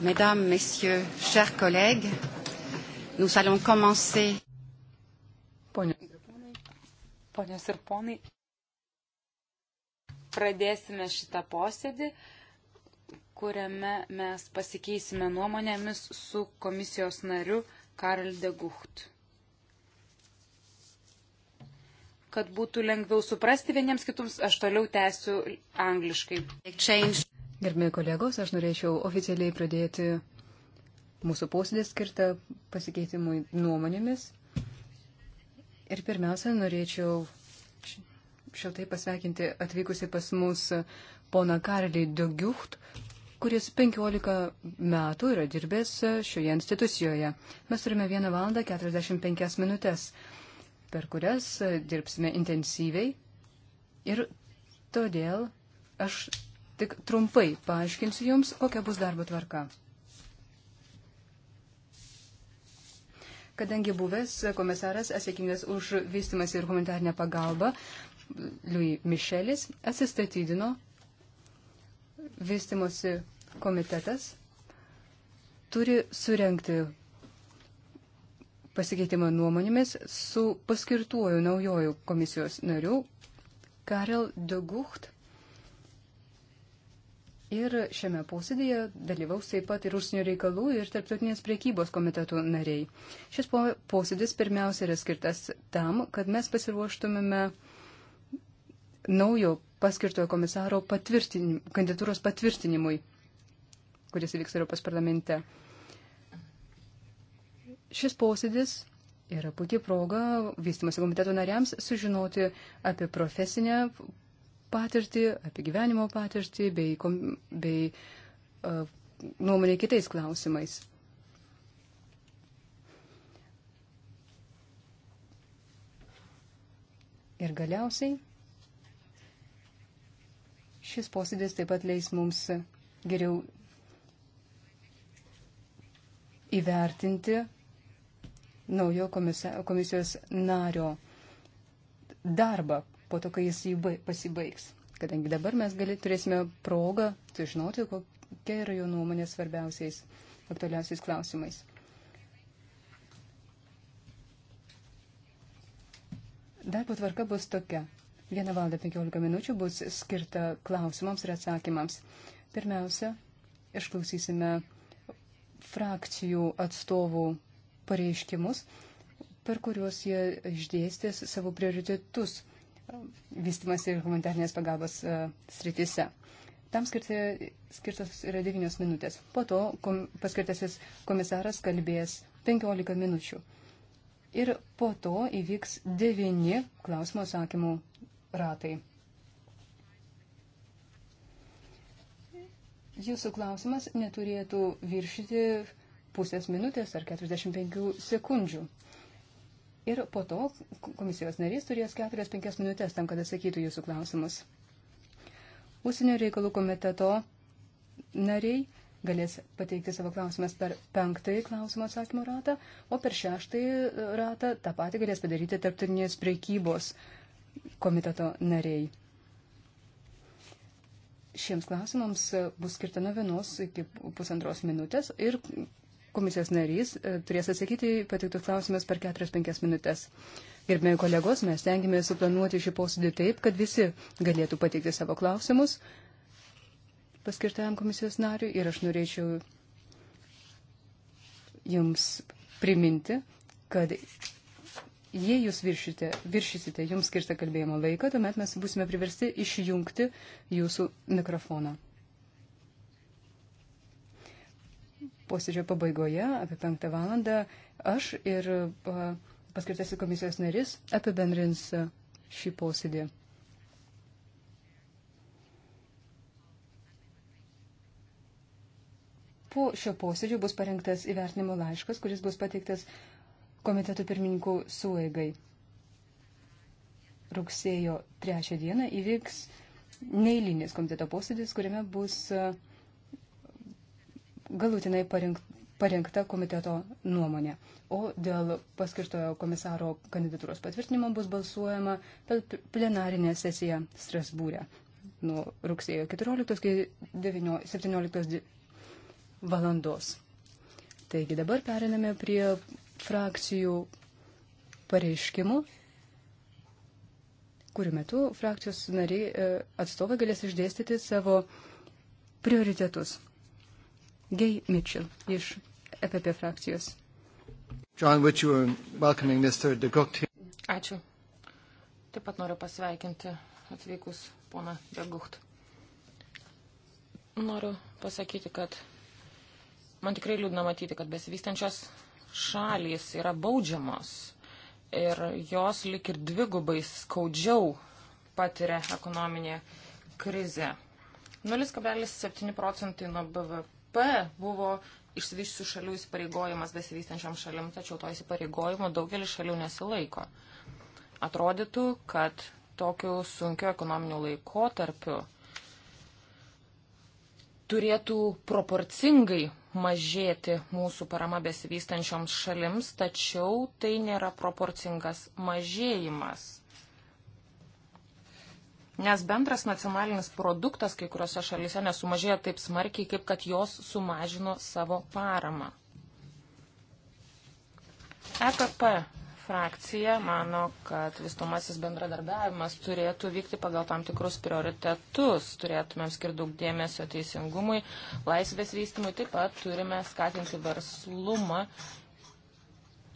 Mesdames, Messieurs, chers collègues, nous allons commencer. Ponios ir ponai, pradėsime šitą posėdį, kuriame mes pasikeisime nuomonėmis su komisijos nariu Karl de Gucht. Kad būtų lengviau suprasti vieniems kitums, aš toliau tęsiu angliškai. Exchange. Gerbimi kolegos, aš norėčiau oficialiai pradėti mūsų posėdį skirtą pasikeitimui nuomonėmis. Ir pirmiausia, norėčiau šiltai pasveikinti atvykusi pas mus pona Karlį Dogiucht, kuris 15 metų yra dirbęs šioje institucijoje. Mes turime 1 valandą 45 minutės, per kurias dirbsime intensyviai ir todėl aš Tik trumpai paaiškinsiu Jums, kokia bus darbo tvarka. Kadangi buvęs komisaras atsakingas už vystimas ir humanitarnę pagalbą, Louis Mišelis atsistatydino vystimosi komitetas turi surenkti pasikeitimą nuomonėmis su paskirtuoju naujoju komisijos nariu Karel de Gucht Ir šiame posėdėje dalyvaus taip pat ir užsienio reikalų ir tarptautinės priekybos komitetų nariai. Šis posėdis pirmiausia yra skirtas tam, kad mes pasiruoštumėme naujo paskirtojo komisaro patvirtinim, kandidatūros patvirtinimui, kuris įvyks Europos parlamente. Šis posėdis yra puikia proga vystimosi komiteto nariams sužinoti apie profesinę patirtį, apie gyvenimo patirtį bei, bei uh, e, nuomonė kitais klausimais. Ir galiausiai šis posėdis taip pat leis mums geriau įvertinti naujo komisijos nario darbą, po to, kai jis jį pasibaigs. Kadangi dabar mes gali, turėsime progą sužinoti, kokia yra jo nuomonė svarbiausiais, aktualiausiais klausimais. Darbo tvarka bus tokia. Vieną valandą 15 minučių bus skirta klausimams ir atsakymams. Pirmiausia, išklausysime frakcijų atstovų pareiškimus, per kuriuos jie išdėstės savo prioritetus vystimas ir humanitarnės pagalbos e, sritise. Tam skirti, skirtas yra 9 minutės. Po to kom, paskirtasis komisaras kalbės 15 minučių. Ir po to įvyks 9 klausimo atsakymų ratai. Jūsų klausimas neturėtų viršyti pusės minutės ar 45 sekundžių. Ir po to komisijos narys turės 4-5 minutės tam, kad atsakytų jūsų klausimus. Užsienio reikalų komiteto nariai galės pateikti savo klausimas per penktąjį klausimo atsakymų ratą, o per šeštąjį e, ratą tą patį galės padaryti tarptautinės priekybos komiteto nariai. Šiems klausimams e, bus skirta nuo vienos iki pusantros minutės ir komisijos narys e, turės atsakyti patiktus klausimus per 4-5 minutės. Gerbėjai kolegos, mes tengiame suplanuoti šį posėdį taip, kad visi galėtų pateikti savo klausimus paskirtajam komisijos nariui ir aš norėčiau jums priminti, kad jei jūs viršite, viršysite jums skirtą kalbėjimo laiką, tuomet mes būsime priversti išjungti jūsų mikrofoną. posėdžio pabaigoje apie penktą valandą aš ir paskirtasis komisijos narys apibendrins šį posėdį. Po šio posėdžio bus parengtas įvertinimo laiškas, kuris bus pateiktas komiteto pirmininkų suėgai. Rugsėjo 3 dieną įvyks neįlinis komiteto posėdis, kuriame bus uh, galutinai parengta komiteto nuomonė. O dėl paskirtojo komisaro kandidatūros patvirtinimo bus balsuojama per plenarinę sesiją Strasbūrę nuo rugsėjo 14 iki 17 valandos. Taigi dabar periname prie frakcijų pareiškimų, kurių metu frakcijos nariai e, atstovai galės išdėstyti savo prioritetus. Gay Mitchell iš EPP frakcijos. John, which you were welcoming Mr. de Gucht. Ačiū. Taip pat noriu pasveikinti atvykus poną de Gucht. Noriu pasakyti, kad man tikrai liūdna matyti, kad besivystančios šalys yra baudžiamos ir jos lik ir dvigubai skaudžiau patiria ekonominė krizė. 0,7 procentai nuo BVP TTIP buvo išsivyščiusių šalių įsipareigojimas besivystančiam šalim, tačiau to įsipareigojimo daugelis šalių nesilaiko. Atrodytų, kad tokiu sunkiu ekonominiu laikotarpiu turėtų proporcingai mažėti mūsų parama besivystančioms šalims, tačiau tai nėra proporcingas mažėjimas nes bendras nacionalinis produktas kai kuriuose šalise nesumažėjo taip smarkiai, kaip kad jos sumažino savo paramą. EPP frakcija mano, kad vystomasis bendradarbiavimas turėtų vykti pagal tam tikrus prioritetus. Turėtumėm skirti daug dėmesio teisingumui, laisvės vystymui, taip pat turime skatinti verslumą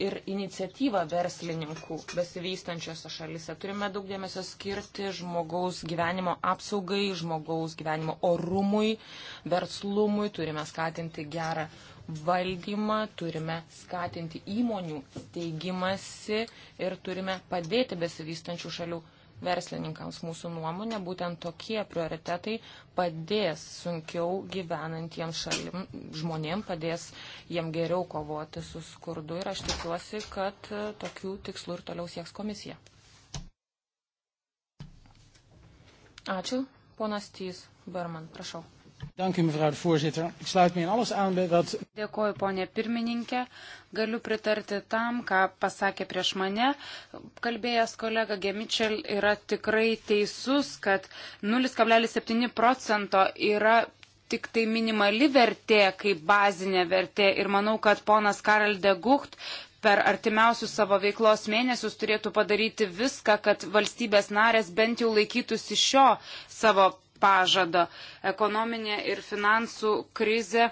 ir iniciatyvą verslininkų besivystančiose šalise. Turime daug dėmesio skirti žmogaus gyvenimo apsaugai, žmogaus gyvenimo orumui, verslumui, turime skatinti gerą valdymą, turime skatinti įmonių teigimasi ir turime padėti besivystančių šalių verslininkams. Mūsų nuomonė, būtent tokie prioritetai padės sunkiau gyvenantiems šalim, žmonėm, padės jiem geriau kovoti su skurdu ir aš tikiuosi, kad e, tokių tikslų ir toliau sieks komisija. Ačiū, ponas Tys Berman, prašau. Dėkoju, ponė pirmininkė. Galiu pritarti tam, ką pasakė prieš mane. Kalbėjęs kolega Gemičel yra tikrai teisus, kad 0,7 procento yra tik tai minimali vertė kaip bazinė vertė. Ir manau, kad ponas Karel de Gucht per artimiausius savo veiklos mėnesius turėtų padaryti viską, kad valstybės narės bent jau laikytųsi šio savo pažadą. Ekonominė ir finansų krizė,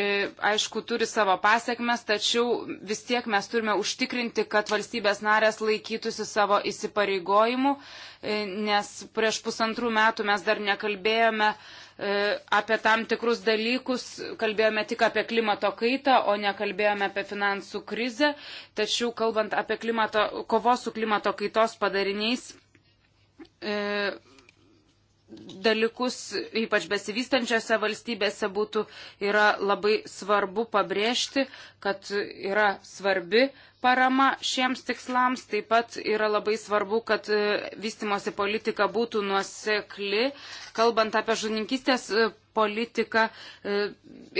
e, aišku, turi savo pasiekmes, tačiau vis tiek mes turime užtikrinti, kad valstybės narės laikytųsi savo įsipareigojimų, e, nes prieš pusantrų metų mes dar nekalbėjome e, apie tam tikrus dalykus, kalbėjome tik apie klimato kaitą, o nekalbėjome apie finansų krizę. Tačiau kalbant apie klimato, kovos su klimato kaitos padariniais, dalykus, ypač besivystančiose valstybėse, būtų yra labai svarbu pabrėžti, kad yra svarbi parama šiems tikslams. Taip pat yra labai svarbu, kad e, vystimosi politika būtų nuosekli. Kalbant apie žuninkistės e, politiką e,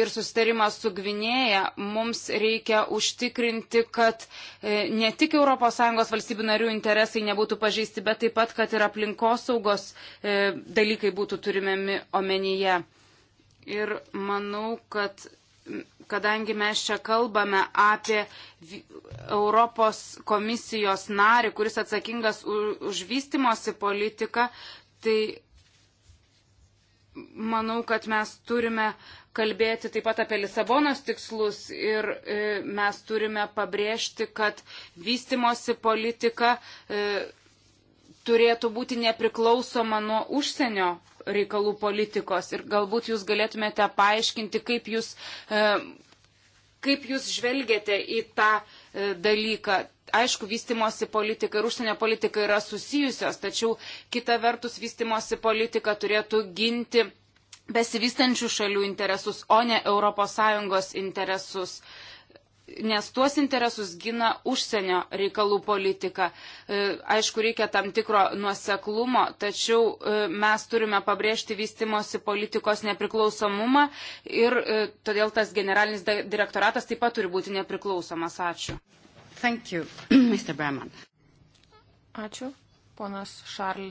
ir susitarimą su Gvinėja, mums reikia užtikrinti, kad ne tik ES valstybių narių interesai nebūtų pažeisti, bet taip pat, kad ir aplinkosaugos dalykai būtų turimėmi omenyje. Ir manau, kad kadangi mes čia kalbame apie Europos komisijos narį, kuris atsakingas už vystimosi politiką, tai manau, kad mes turime kalbėti taip pat apie Lisabonos tikslus ir e, mes turime pabrėžti, kad vystimosi politika e, turėtų būti nepriklausoma nuo užsienio reikalų politikos. Ir galbūt jūs galėtumėte paaiškinti, kaip jūs, e, kaip jūs žvelgiate į tą e, dalyką. Aišku, vystimosi politika ir užsienio politika yra susijusios, tačiau kita vertus vystimosi politika turėtų ginti besivystančių šalių interesus, o ne ES interesus. Uh, nes tuos interesus gina užsienio reikalų politika. E, aišku, reikia tam tikro nuoseklumo, tačiau e, mes turime pabrėžti vystimosi politikos nepriklausomumą ir e, todėl tas generalinis direktoratas taip pat turi būti nepriklausomas. Ačiū. Thank you, Mr. Berman. Ačiū. Ponas Šarl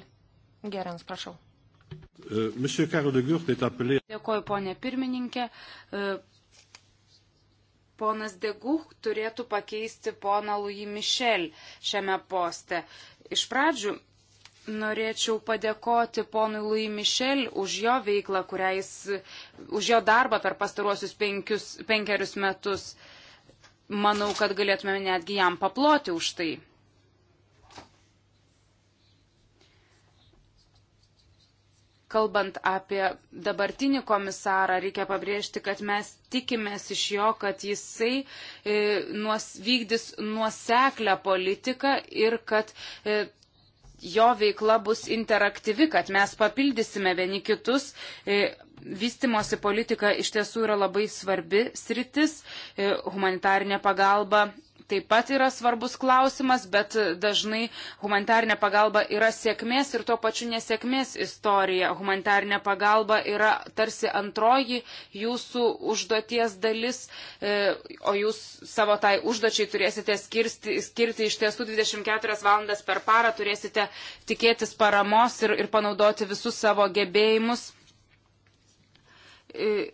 Gerens, prašau. Euh, Dėkoju, ponė pirmininkė. Euh, ponas Deguh turėtų pakeisti poną Louis Michel šiame poste. Iš pradžių norėčiau padėkoti ponui Louis Michel už jo veiklą, jis, už jo darbą per pastaruosius penkius, penkerius metus. Manau, kad galėtume netgi jam paploti už tai. kalbant apie dabartinį komisarą, reikia pabrėžti, kad mes tikimės iš jo, kad jisai e, nuos, vykdys nuoseklę politiką ir kad e, jo veikla bus interaktyvi, kad mes papildysime vieni kitus. E, Vystimosi politika iš tiesų yra labai svarbi sritis, e, humanitarinė pagalba taip pat yra svarbus klausimas, bet dažnai humanitarinė pagalba yra sėkmės ir tuo pačiu nesėkmės istorija. Humanitarinė pagalba yra tarsi antroji jūsų užduoties dalis, e, o jūs savo tai užduočiai turėsite skirti, skirti iš tiesų 24 valandas per parą, turėsite tikėtis paramos ir, ir panaudoti visus savo gebėjimus e,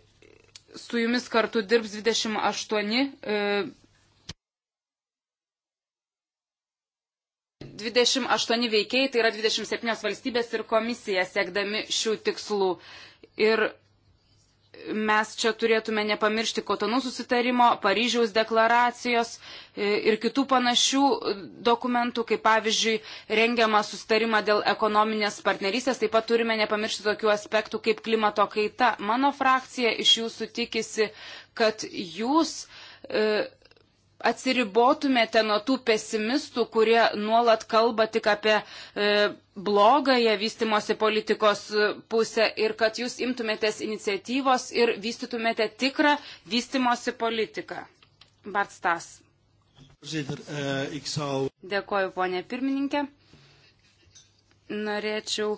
su jumis kartu dirbs 28 28 veikiai, tai yra 27 valstybės ir komisija siekdami šių tikslų. Ir mes čia turėtume nepamiršti Kotonų susitarimo, Paryžiaus deklaracijos e, ir kitų panašių dokumentų, kaip pavyzdžiui, rengiamą susitarimą dėl ekonominės partnerystės. Taip pat turime nepamiršti tokių aspektų kaip klimato kaita. Mano frakcija iš jūsų tikisi, kad jūs. E, atsiribotumėte nuo tų pesimistų, kurie nuolat kalba tik apie e, blogąją vystimosi politikos e, pusę ir kad jūs imtumėtės iniciatyvos ir vystytumėte tikrą vystimosi politiką. Bartstas. Eh, Dėkoju, ponė pirmininkė. Norėčiau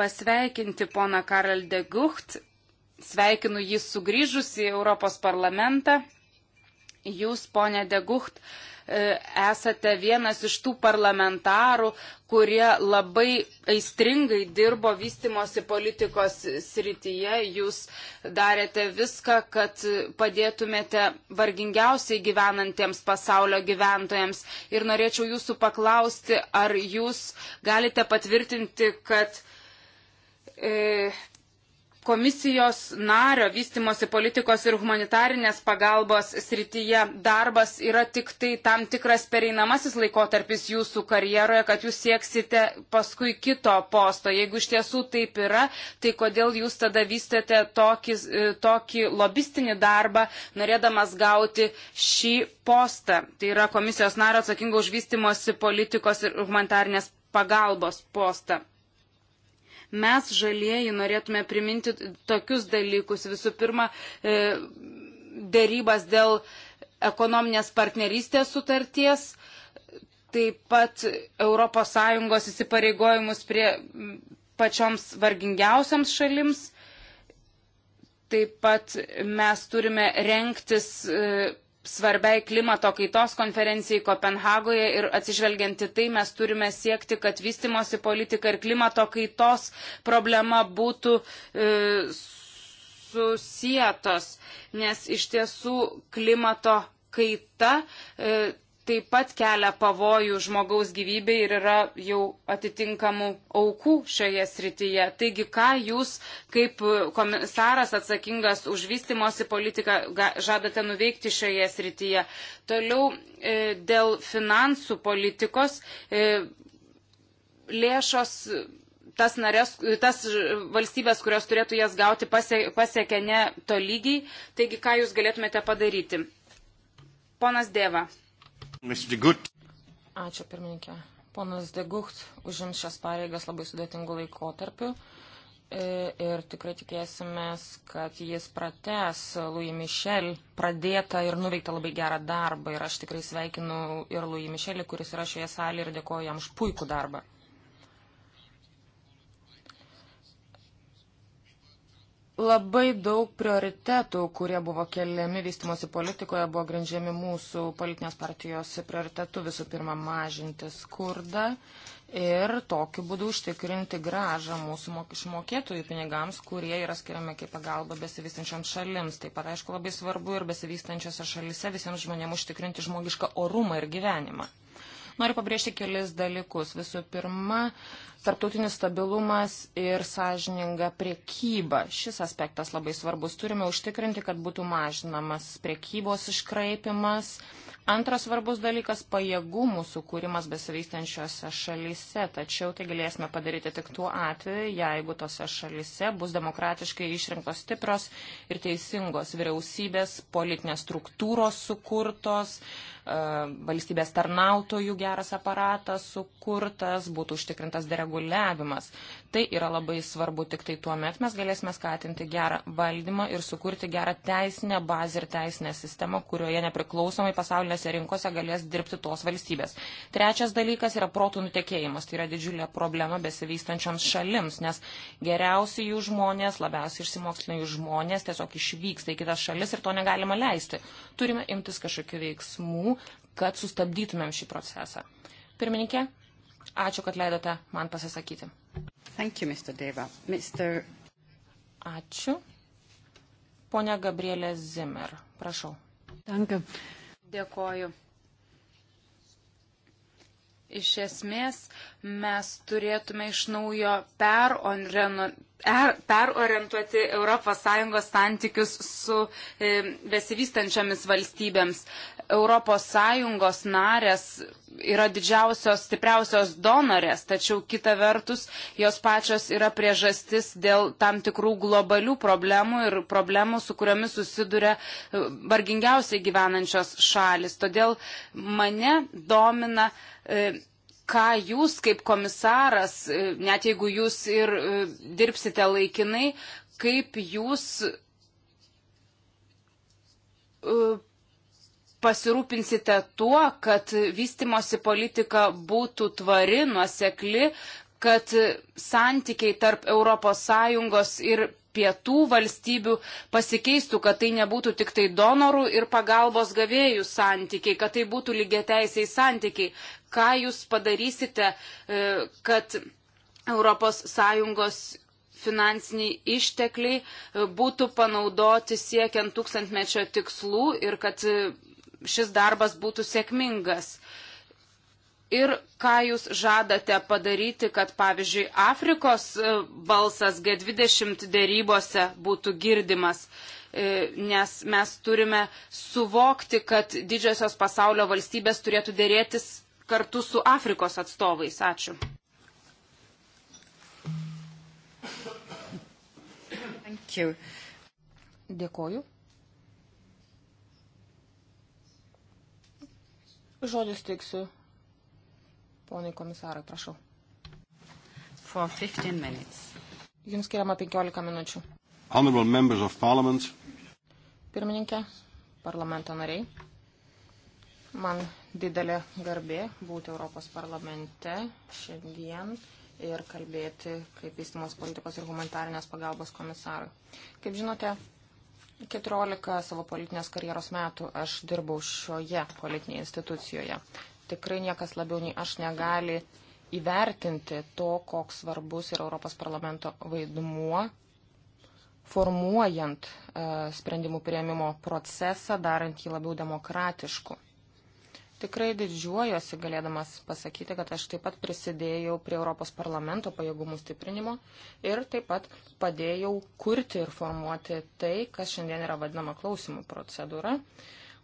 pasveikinti poną Karel de Gucht. Sveikinu jį sugrįžus į Europos parlamentą. Jūs, ponė Degucht, e, esate vienas iš tų parlamentarų, kurie labai aistringai dirbo vystimosi politikos srityje. Jūs darėte viską, kad padėtumėte vargingiausiai gyvenantiems pasaulio gyventojams. Ir norėčiau jūsų paklausti, ar jūs galite patvirtinti, kad e, komisijos nario vystimosi politikos ir humanitarinės pagalbos srityje darbas yra tik tai tam tikras pereinamasis laikotarpis jūsų karjeroje, kad jūs sieksite paskui kito posto. Jeigu iš tiesų taip yra, tai kodėl jūs tada vystėte tokį, e, tokį lobistinį darbą, norėdamas gauti šį postą? Tai yra komisijos nario atsakingo už vystimosi politikos ir humanitarinės pagalbos postą. Mes žalieji norėtume priminti tokius dalykus. Visų pirma, e, dėrybas dėl ekonominės partnerystės sutarties taip pat ES įsipareigojimus prie pačioms vargingiausiams šalims. Taip pat mes turime renktis e, svarbiai klimato kaitos konferencijai Kopenhagoje ir atsižvelgianti tai mes turime siekti, kad vystimosi politika ir klimato kaitos problema būtų e, susijėtos, nes iš tiesų klimato kaita e, taip pat kelia pavojų žmogaus gyvybei ir yra jau atitinkamų aukų šioje srityje. Taigi, ką jūs kaip komisaras atsakingas už vystimosi politiką žadate nuveikti šioje srityje? Toliau e, dėl finansų politikos e, lėšos tas, narės, tas valstybės, kurios turėtų jas gauti, pasiekia ne to lygiai. Taigi, ką jūs galėtumėte padaryti? Ponas Dėva. Ačiū pirmininkė. Ponas Degucht užims šias pareigas labai sudėtingų laikotarpių e, ir tikrai tikėsimės, kad jis prates Louis Michel pradėtą ir nuveiktą labai gerą darbą. Ir aš tikrai sveikinu ir Louis Michelį, kuris yra šioje salėje ir dėkoju jam už puikų darbą. Labai daug prioritetų, kurie buvo keliami vystimosi politikoje, buvo grindžiami mūsų politinės partijos prioritetų visų pirma mažinti skurdą ir tokiu būdu užtikrinti gražą mūsų mokėtojų pinigams, kurie yra skiriami kaip pagalba besivystančiams šalims. Taip pat, aišku, labai svarbu ir besivystančiose šalise visiems žmonėms užtikrinti žmogišką orumą ir gyvenimą. Noriu pabrėžti kelis dalykus. Visų pirma, tarptautinis stabilumas ir sąžininga priekyba. Šis aspektas labai svarbus. Turime užtikrinti, kad būtų mažinamas priekybos iškraipimas. Antras svarbus dalykas - pajėgumų sukūrimas besivystančiose šalyse, tačiau tai galėsime padaryti tik tuo atveju, jeigu tose šalyse bus demokratiškai išrinktos stipros ir teisingos vyriausybės, politinės struktūros sukurtos, uh, E, valstybės tarnautojų geras aparatas sukurtas, būtų užtikrintas dereguliavimas. Tai yra labai svarbu, tik tai tuo met mes galėsime skatinti gerą valdymą ir sukurti gerą teisinę bazę ir teisinę sistemą, kurioje nepriklausomai pasaulinėse rinkose galės dirbti tos valstybės. Trečias dalykas yra protų nutekėjimas. Tai yra didžiulė problema besivystančioms šalims, nes geriausi jų žmonės, labiausiai išsimokslinai jų žmonės tiesiog išvyksta į kitas šalis ir to negalima leisti. Turime imtis kažkokių veiksmų veiksmų, kad sustabdytumėm šį procesą. Pirmininkė, ačiū, kad leidote man pasisakyti. Thank you, Mr. Deva. Mr. Ačiū. Pone Gabrielė Zimmer, prašau. Danka. Dėkoju. Iš esmės, mes turėtume iš naujo er- perorientuoti ES santykius su e, besivystančiamis valstybėms. ES narės yra didžiausios, stipriausios donorės, tačiau kita vertus jos pačios yra priežastis dėl tam tikrų globalių problemų ir problemų, su kuriomis susiduria e, vargingiausiai gyvenančios šalis. Todėl mane domina. E, ką jūs kaip komisaras, e, net jeigu jūs ir e, dirbsite laikinai, kaip jūs pasirūpinsite tuo, kad vystimosi politika būtų tvari, nuosekli, kad santykiai tarp ES ir pietų valstybių pasikeistų, kad tai nebūtų tik tai donorų ir pagalbos gavėjų santykiai, kad tai būtų lygiateisiai santykiai. Ką jūs padarysite, e, kad ES finansiniai ištekliai e, būtų panaudoti siekiant tūkstantmečio tikslų ir kad e, šis darbas būtų sėkmingas. Ir ką jūs žadate padaryti, kad pavyzdžiui Afrikos e, balsas G20 dėrybose būtų girdimas, e, nes mes turime suvokti, kad didžiosios pasaulio valstybės turėtų dėrėtis kartu su Afrikos atstovais. Ačiū. Dėkoju. Žodžius teiksiu ponai komisarai, prašau. For 15 minutes. Jums skiriama 15 minučių. Honorable members of parliament. Pirmininkė, parlamento nariai. Man didelė garbė būti Europos parlamente šiandien ir kalbėti kaip vystimos politikos ir humanitarinės pagalbos komisarui. Kaip žinote, 14 savo politinės karjeros metų aš dirbau šioje politinėje institucijoje. Tikrai niekas labiau nei aš negali įvertinti to, koks svarbus yra Europos parlamento vaidmuo formuojant e, sprendimų prieimimo procesą, darant jį labiau demokratišku tikrai didžiuojuosi galėdamas pasakyti, kad aš taip pat prisidėjau prie Europos parlamento pajėgumų stiprinimo ir taip pat padėjau kurti ir formuoti tai, kas šiandien yra vadinama klausimų procedūra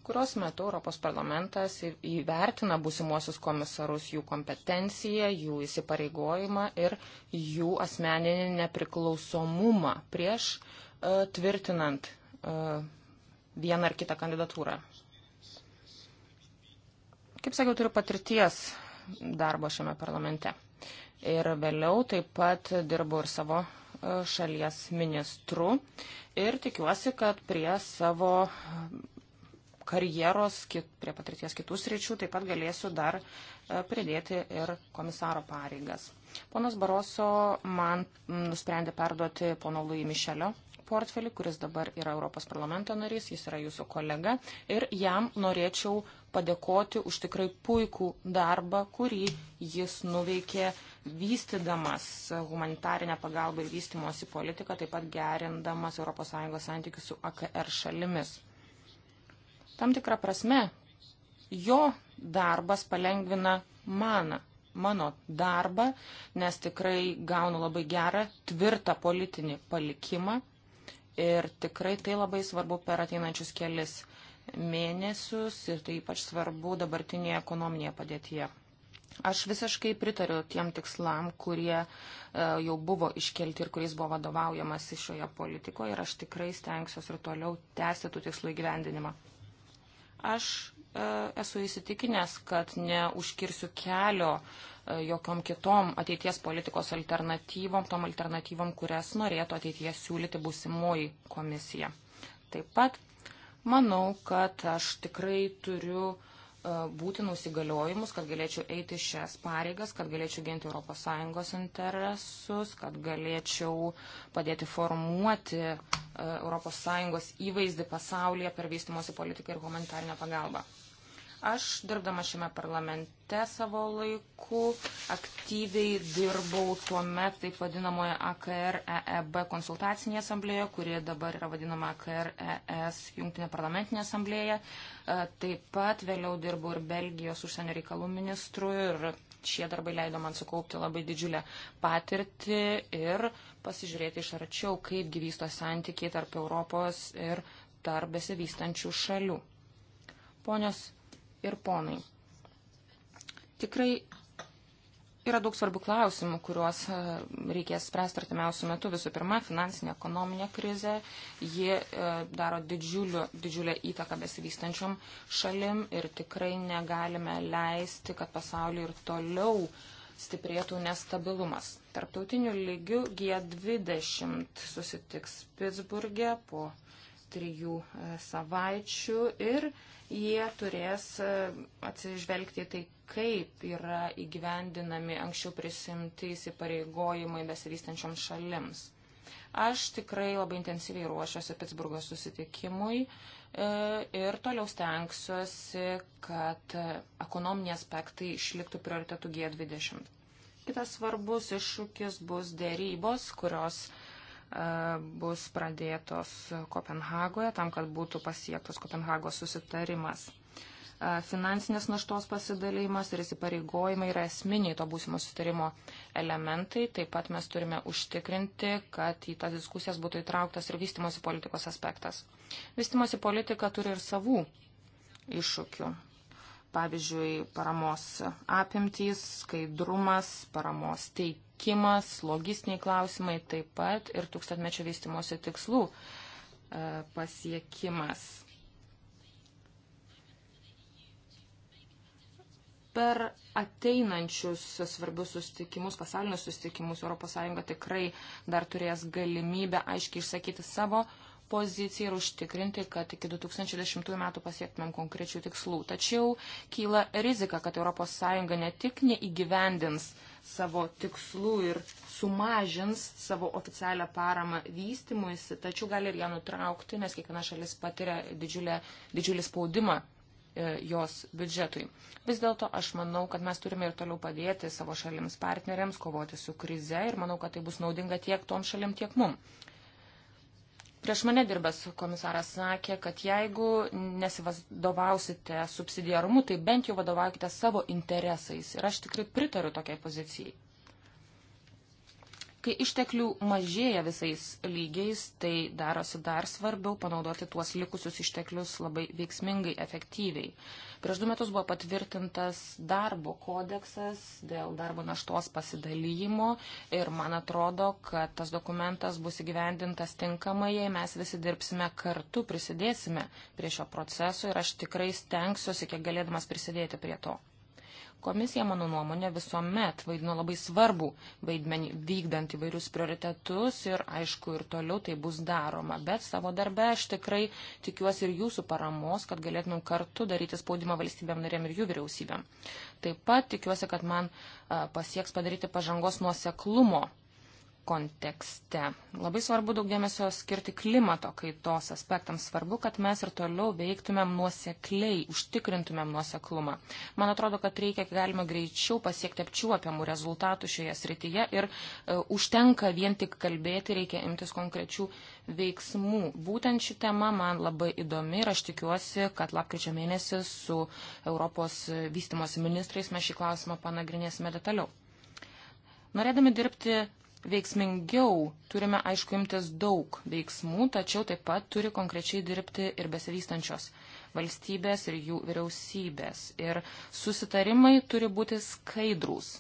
kurios metu Europos parlamentas įvertina būsimuosius komisarus jų kompetenciją, jų įsipareigojimą ir jų asmeninį nepriklausomumą prieš uh, tvirtinant uh, vieną ar kitą kandidatūrą. Kaip sakiau, turiu patirties darbo šiame parlamente. Ir vėliau taip pat dirbu ir savo e, šalies ministru. Ir tikiuosi, kad prie savo karjeros, kit, prie patirties kitų sričių, taip pat galėsiu dar e, pridėti ir komisaro pareigas. Ponas Baroso man nusprendė perduoti pono Lui Mišelio portfelį, kuris dabar yra Europos parlamento narys, jis yra jūsų kolega ir jam norėčiau padėkoti už tikrai puikų darbą, kurį jis nuveikė vystydamas humanitarinę pagalbą ir vystimosi politiką, taip pat gerindamas ES santykius su AKR šalimis. Tam tikrą prasme, jo darbas palengvina maną, mano darbą, nes tikrai gaunu labai gerą, tvirtą politinį palikimą ir tikrai tai labai svarbu per ateinančius kelias mėnesius ir tai ypač svarbu dabartinėje ekonominėje padėtyje. Aš visiškai pritariu tiem tikslam, kurie e, jau buvo iškelti ir kuriais buvo vadovaujamas šioje politikoje ir aš tikrai stengsiuosi ir toliau tęsti tų tikslų įgyvendinimą. Aš e, esu įsitikinęs, kad neužkirsiu kelio e, jokiom kitom ateities politikos alternatyvom, tom alternatyvom, kurias norėtų ateities siūlyti būsimoji komisija. Taip pat manau, kad aš tikrai turiu e, būtinus įgaliojimus, kad galėčiau eiti šias pareigas, kad galėčiau ginti ES interesus, kad galėčiau padėti formuoti ES įvaizdį pasaulyje per vystimosi politiką ir humanitarinę pagalbą. Aš, dirbdama šiame parlamente savo laiku, aktyviai dirbau tuo metu taip vadinamoje AKR-EEB konsultacinėje asamblėje, kuri dabar yra vadinama AKR-ES e jungtinė parlamentinė asamblėje. Taip pat vėliau dirbau ir Belgijos užsienio reikalų ministru ir šie darbai leido man sukaupti labai didžiulę patirtį ir pasižiūrėti iš arčiau, kaip gyvysto santykiai tarp Europos ir tarp besivystančių šalių. Ponios ir ponai. Tikrai yra daug svarbių klausimų, kuriuos e, reikės spręsti artimiausių metų. Visų pirma, finansinė ekonominė krizė, ji e, daro didžiuliu, didžiulę įtaką besivystančiom šalim ir tikrai negalime leisti, kad pasauliu ir toliau stiprėtų nestabilumas. Tarptautiniu lygiu G20 susitiks Pittsburgė po trijų e, savaičių ir jie turės e, atsižvelgti tai, kaip yra įgyvendinami anksčiau prisimti įsipareigojimai besivystančioms šalims. Aš tikrai labai intensyviai ruošiuosi Pittsburgo susitikimui e, ir toliau stengsiuosi, kad e, ekonominiai aspektai išliktų prioritetų G20. Kitas svarbus iššūkis bus dėrybos, kurios E, bus pradėtos Kopenhagoje, tam, kad būtų pasiektas Kopenhagos susitarimas. E, finansinės naštos pasidalymas ir įsipareigojimai yra esminiai to būsimo sutarimo elementai. Taip pat mes turime užtikrinti, kad į tas diskusijas būtų įtrauktas ir vystimosi politikos aspektas. Vystimosi politika turi ir savų iššūkių pavyzdžiui, paramos apimtys, skaidrumas, paramos teikimas, logistiniai klausimai taip pat ir tūkstantmečio vystimosi tikslų e, pasiekimas. per ateinančius svarbius sustikimus, pasaulinius sustikimus, ES tikrai dar turės galimybę aiškiai išsakyti savo poziciją ir užtikrinti, kad iki 2010 metų pasiektumėm konkrečių tikslų. Tačiau kyla rizika, kad ES ne tik neįgyvendins savo tikslų ir sumažins savo oficialią paramą vystimuisi, tačiau gali ir ją nutraukti, nes kiekviena šalis patiria didžiulę, didžiulį spaudimą e, jos biudžetui. Vis dėlto aš manau, kad mes turime ir toliau padėti savo šalims partneriams kovoti su krize ir manau, kad tai bus naudinga tiek tom šalim, tiek mum. Prieš mane dirbęs komisaras sakė, kad jeigu nesivadovausite subsidiarumu, tai bent jau vadovaukite savo interesais. Ir aš tikrai pritariu tokiai pozicijai. Kai išteklių mažėja visais lygiais, tai darosi dar svarbiau panaudoti tuos likusius išteklius labai veiksmingai, efektyviai. Prieš du metus buvo patvirtintas darbo kodeksas dėl darbo naštos pasidalymo ir man atrodo, kad tas dokumentas bus įgyvendintas tinkamai, jei mes visi dirbsime kartu, prisidėsime prie šio proceso ir aš tikrai stengsiuosi, kiek galėdamas prisidėti prie to. Komisija, mano nuomonė, visuomet vaidino labai svarbų vaidmenį vykdant įvairius prioritetus ir, aišku, ir toliau tai bus daroma. Bet savo darbe aš tikrai tikiuosi ir jūsų paramos, kad galėtumėm kartu daryti spaudimą valstybėm narėm ir jų vyriausybėm. Taip pat tikiuosi, kad man pasieks padaryti pažangos nuoseklumo kontekste. Labai svarbu daug dėmesio skirti klimato kaitos aspektams. Svarbu, kad mes ir toliau veiktumėm nuosekliai, užtikrintumėm nuoseklumą. Man atrodo, kad reikia galima greičiau pasiekti apčiuopiamų rezultatų šioje srityje ir e, užtenka vien tik kalbėti, reikia imtis konkrečių veiksmų. Būtent ši tema man labai įdomi ir aš tikiuosi, kad lapkričio mėnesį su Europos vystimosi ministrais mes šį klausimą panagrinėsime detaliau. Norėdami dirbti veiksmingiau turime, aišku, imtis daug veiksmų, tačiau taip pat turi konkrečiai dirbti ir besivystančios valstybės ir jų vyriausybės. Ir susitarimai turi būti skaidrūs.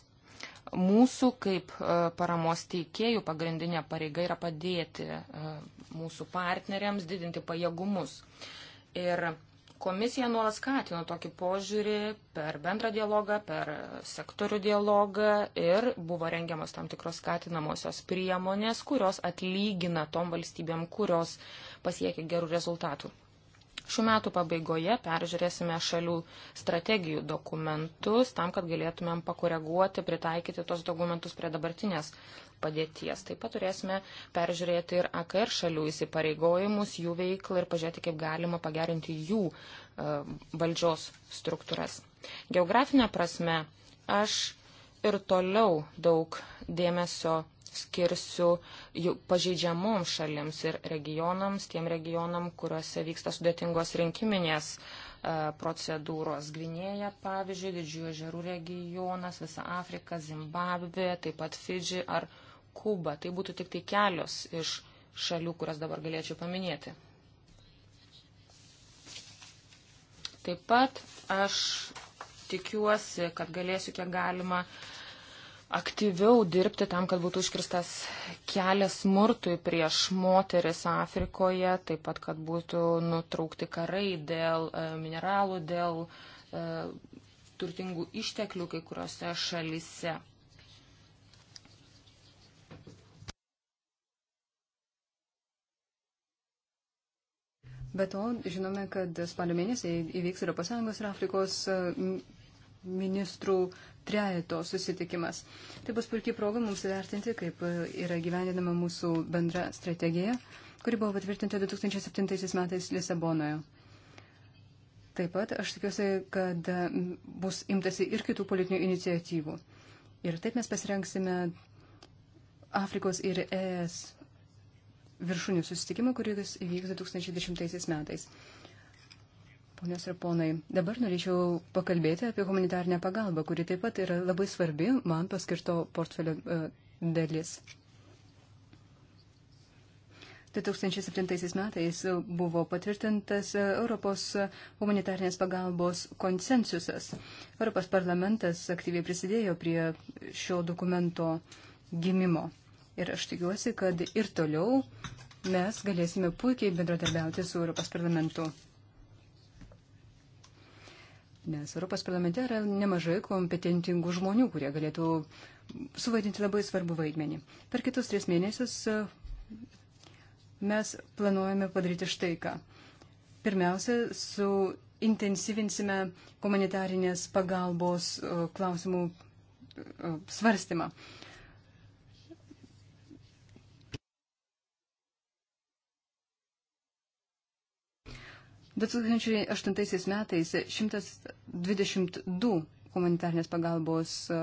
Mūsų kaip e, paramos teikėjų pagrindinė pareiga yra padėti e, mūsų partneriams didinti pajėgumus. Ir Komisija nuolat skatino tokį požiūrį per bendrą dialogą, per sektorių dialogą ir buvo rengiamas tam tikros skatinamosios priemonės, kurios atlygina tom valstybėm, kurios pasiekia gerų rezultatų. Šių metų pabaigoje peržiūrėsime šalių strategijų dokumentus tam, kad galėtumėm pakoreguoti, pritaikyti tos dokumentus prie dabartinės padėties. Taip pat turėsime peržiūrėti ir AKR šalių įsipareigojimus, jų veiklą ir pažiūrėti, kaip galima pagerinti jų e, valdžios struktūras. Geografinė prasme aš ir toliau daug dėmesio skirsiu pažeidžiamoms šalims ir regionams, tiem regionam, kuriuose vyksta sudėtingos rinkiminės e, procedūros. Gvinėja, pavyzdžiui, Didžiųjų žerų regionas, visa Afrika, Zimbabvė, taip pat Fidži ar Kuba. Tai būtų tik tai kelios iš šalių, kurias dabar galėčiau paminėti. Taip pat aš tikiuosi, kad galėsiu kiek galima aktyviau dirbti tam, kad būtų užkirstas kelias smurtui prieš moteris Afrikoje, taip pat, kad būtų nutraukti karai dėl e, mineralų, dėl e, turtingų išteklių kai kuriuose šalise. Be to, žinome, kad spalio mėnesį įvyks ES ir Afrikos e, ministrų trejeto susitikimas. Tai bus puikiai proga mums įvertinti, kaip e, yra gyvendinama mūsų bendra strategija, kuri buvo patvirtinta 2007 metais Lisabonoje. Taip pat aš tikiuosi, kad e, bus imtasi ir kitų politinių iniciatyvų. Ir taip mes pasirengsime Afrikos ir ES viršūnių susitikimą, kuris įvyks 2010 metais. Ponios ir ponai, dabar norėčiau pakalbėti apie humanitarnę pagalbą, kuri taip pat yra labai svarbi man paskirto portfelio e, dalis. 2007 metais buvo patvirtintas e, Europos humanitarnės pagalbos konsensusas. Europos parlamentas aktyviai prisidėjo prie šio dokumento gimimo. Ir aš tikiuosi, kad ir toliau mes galėsime puikiai bendradarbiauti su Europos parlamentu. Nes Europos parlamente yra nemažai kompetentingų žmonių, kurie galėtų suvaidinti labai svarbų vaidmenį. Per kitus tris mėnesius e, mes planuojame padaryti štai ką. Pirmiausia, suintensyvinsime humanitarinės pagalbos e, klausimų e, svarstymą. 2008 metais 122 humanitarnės pagalbos e,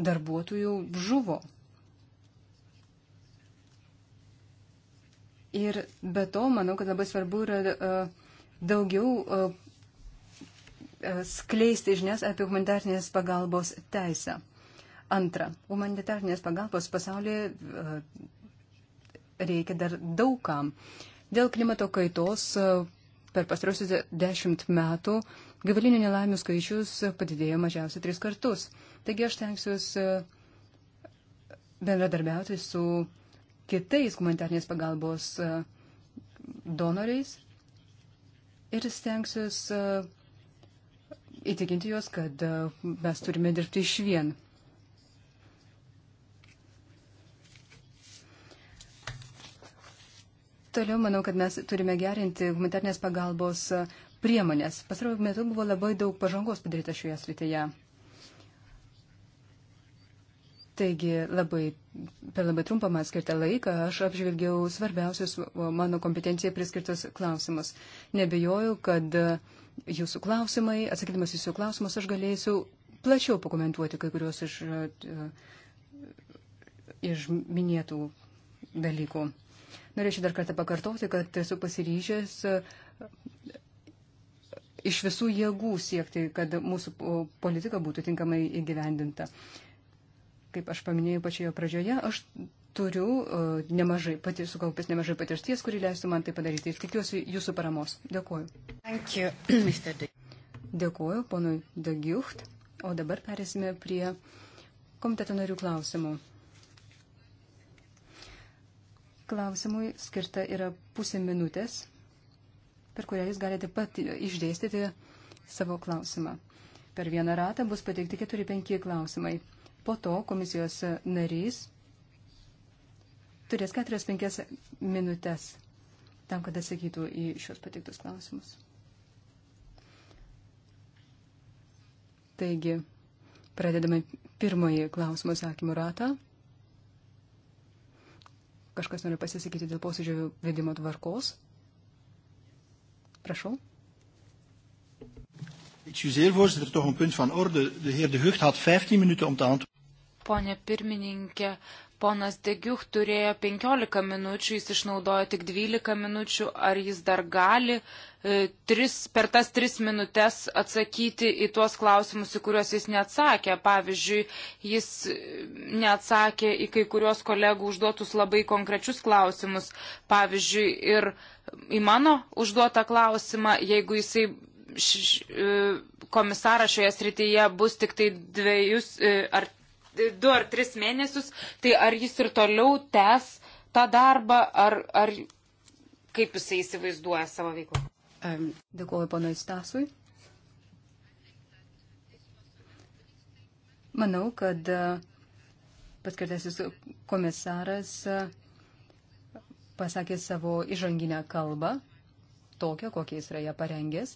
darbuotojų žuvo. Ir be to, manau, kad labai svarbu yra e, daugiau e, skleisti žinias apie humanitarnės pagalbos teisę. Antra, humanitarnės pagalbos pasaulyje reikia dar daugam. Dėl klimato kaitos per pastarosius dešimt metų gyvalinių nelaimių skaičius padidėjo mažiausiai tris kartus. Taigi aš tenksiuosi e, bendradarbiauti su kitais humanitarnės pagalbos e, donoriais ir stengsiuosi e, įtikinti juos, kad mes turime dirbti iš vien. Toliau manau, kad mes turime gerinti humanitarnės pagalbos e, priemonės. Pasarojų metu buvo labai daug pažangos padaryta šioje srityje. Taigi labai, per labai trumpą man skirtą laiką aš apžvelgiau svarbiausius mano kompetencijai priskirtus klausimus. Nebejoju, kad e, jūsų klausimai, atsakydamas jūsų klausimus, aš galėsiu plačiau pakomentuoti kai kuriuos iš, e, iš minėtų dalykų. Norėčiau dar kartą pakartoti, kad esu pasiryžęs e, iš visų jėgų siekti, kad mūsų politika būtų tinkamai įgyvendinta. Kaip aš paminėjau pačioje pradžioje, aš turiu e, nemažai, pati, sukaupęs nemažai patirties, kuri leistų man tai padaryti. Ir tikiuosi jūsų paramos. Dėkuoju. Dėkuoju, ponui Dagiucht. O dabar perėsime prie komiteto narių klausimų klausimui skirta yra pusė minutės, per kurią jūs galite pat išdėstyti savo klausimą. Per vieną ratą bus pateikti 4-5 klausimai. Po to komisijos narys turės 4-5 minutės tam, kad atsakytų į šios pateiktus klausimus. Taigi, pradedame pirmąjį klausimų atsakymų ratą kažkas nori pasisakyti dėl posėdžio vedimo tvarkos? Prašau. Excuseer, voorzitter, toch een punt van orde. De heer De Hucht had 15 minuten om te antwoorden. Pone pirmininkė, Ponas Degiuch turėjo 15 minučių, jis išnaudojo tik 12 minučių. Ar jis dar gali e, tris, per tas 3 minutės atsakyti į tuos klausimus, į kuriuos jis neatsakė? Pavyzdžiui, jis e, neatsakė į kai kuriuos kolegų užduotus labai konkrečius klausimus. Pavyzdžiui, ir į mano užduotą klausimą, jeigu jisai e, komisaras šioje srityje bus tik tai dviejus e, ar du ar tris mėnesius, tai ar jis ir toliau tęs tą darbą, ar, ar kaip jisai įsivaizduoja savo veiklą? Dėkuoju ponui Stasui. Manau, kad e, paskirtasis komisaras e, pasakė savo įžanginę kalbą, tokią, kokią jis yra ją parengęs,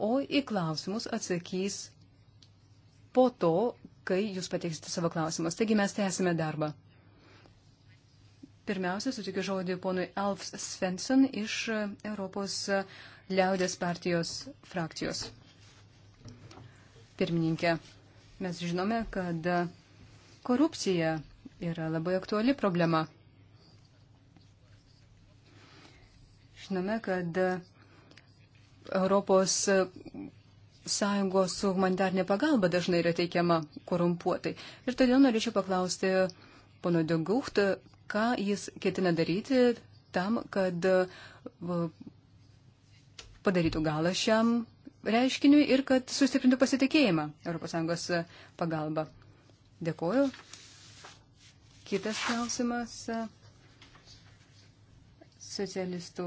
o į klausimus atsakys po to, kai jūs pateiksite savo klausimus. Taigi mes tęsime darbą. Pirmiausia, sutikiu žodį ponui Alfs Svensson iš Europos liaudės partijos frakcijos. Pirmininkė, mes žinome, kad korupcija yra labai aktuali problema. Žinome, kad Europos sąjungos humanitarnė pagalba dažnai yra teikiama korumpuotai. Ir todėl norėčiau paklausti pono Degucht, ką jis ketina daryti tam, kad padarytų galą šiam reiškiniui ir kad sustiprintų pasitikėjimą ES pagalba. Dėkoju. Kitas klausimas. Socialistų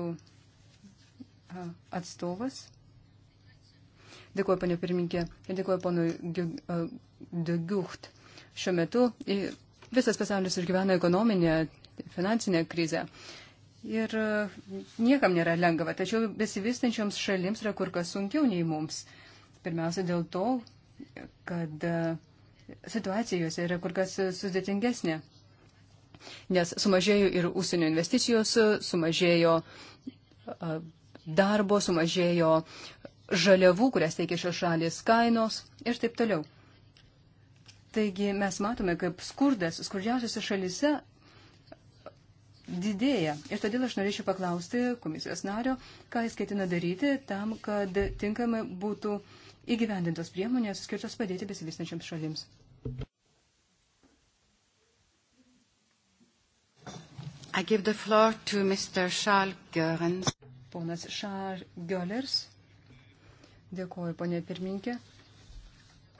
atstovas. Dėkuoju, panė pirminkė, ir dėkuoju ponui Degucht. Šiuo metu visas pasaulis išgyvena ekonominę, finansinę krizę. Ir niekam nėra lengva, tačiau besivystančioms šalims yra kur kas sunkiau nei mums. Pirmiausia dėl to, kad situacijose yra kur kas sudėtingesnė. Nes sumažėjo ir užsienio investicijos, sumažėjo darbo, sumažėjo žaliavų, kurias teikia šios šalis, kainos ir taip toliau. Taigi mes matome, kaip skurdas skurdžiausiose šalise didėja. Ir todėl aš norėčiau paklausti komisijos nario, ką jis ketina daryti tam, kad tinkamai būtų įgyvendintos priemonės skirtos padėti besivystančiams šalims. I give the floor to Mr. Charles Görens. Ponas Charles Görens. Dėkuoju, ponė pirminkė.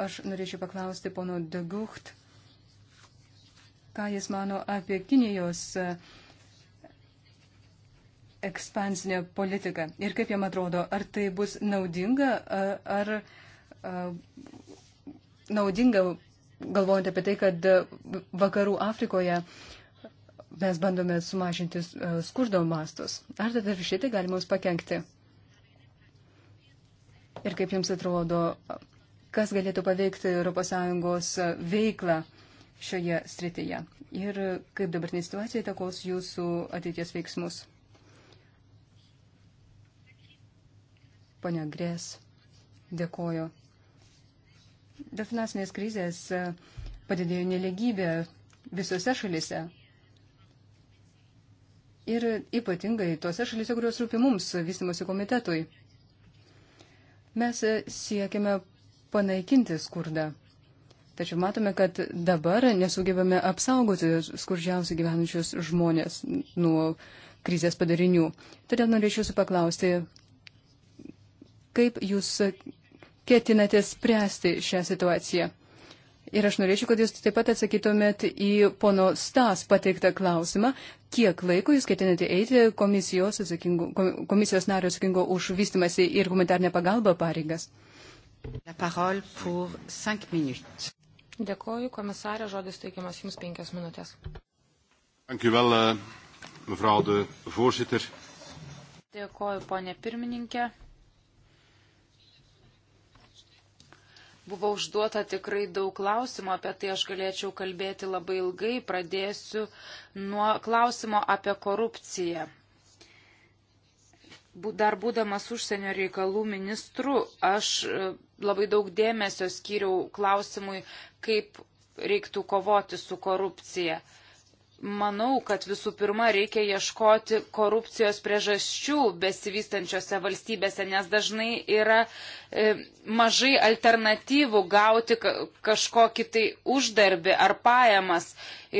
Aš norėčiau paklausti pono Degucht, ką jis mano apie Kinijos e, ekspansinę politiką ir kaip jam atrodo, ar tai bus naudinga, e, ar, ar e, naudinga galvojant apie tai, kad vakarų Afrikoje mes bandome sumažinti skurdo mastus. Ar tada ir šitai galima mums pakengti? Ir kaip jums atrodo, kas galėtų paveikti ES veiklą šioje srityje? Ir kaip dabartinė situacija įtakos jūsų ateities veiksmus? Pane Grės, dėkoju. Dėl finansinės krizės padidėjo neligybė visose šalise. Ir ypatingai tose šalise, kurios rūpi mums, vystimosi komitetui. Mes siekiame panaikinti skurdą. Tačiau matome, kad dabar nesugebame apsaugoti skurdžiausiai gyvenančius žmonės nuo krizės padarinių. Todėl norėčiau jūsų paklausti, kaip jūs ketinate spręsti šią situaciją. Ir aš norėčiau, kad jūs taip pat atsakytumėt į pono Stas pateiktą klausimą, kiek laiko jūs ketinate eiti komisijos, atsakingo, komisijos nario atsakingo už vystimasi ir humanitarnę pagalbą pareigas. Dėkoju, komisarė, žodis teikiamas jums penkias minutės. Eh, Dėkoju, ponė pirmininkė. Buvo užduota tikrai daug klausimų, apie tai aš galėčiau kalbėti labai ilgai. Pradėsiu nuo klausimo apie korupciją. Dar būdamas užsienio reikalų ministru, aš e, labai daug dėmesio skyriau klausimui, kaip reiktų kovoti su korupcija. Manau, kad visų pirma reikia ieškoti korupcijos priežasčių besivystančiose valstybėse, nes dažnai yra e, mažai alternatyvų gauti kažkokį tai uždarbį ar pajamas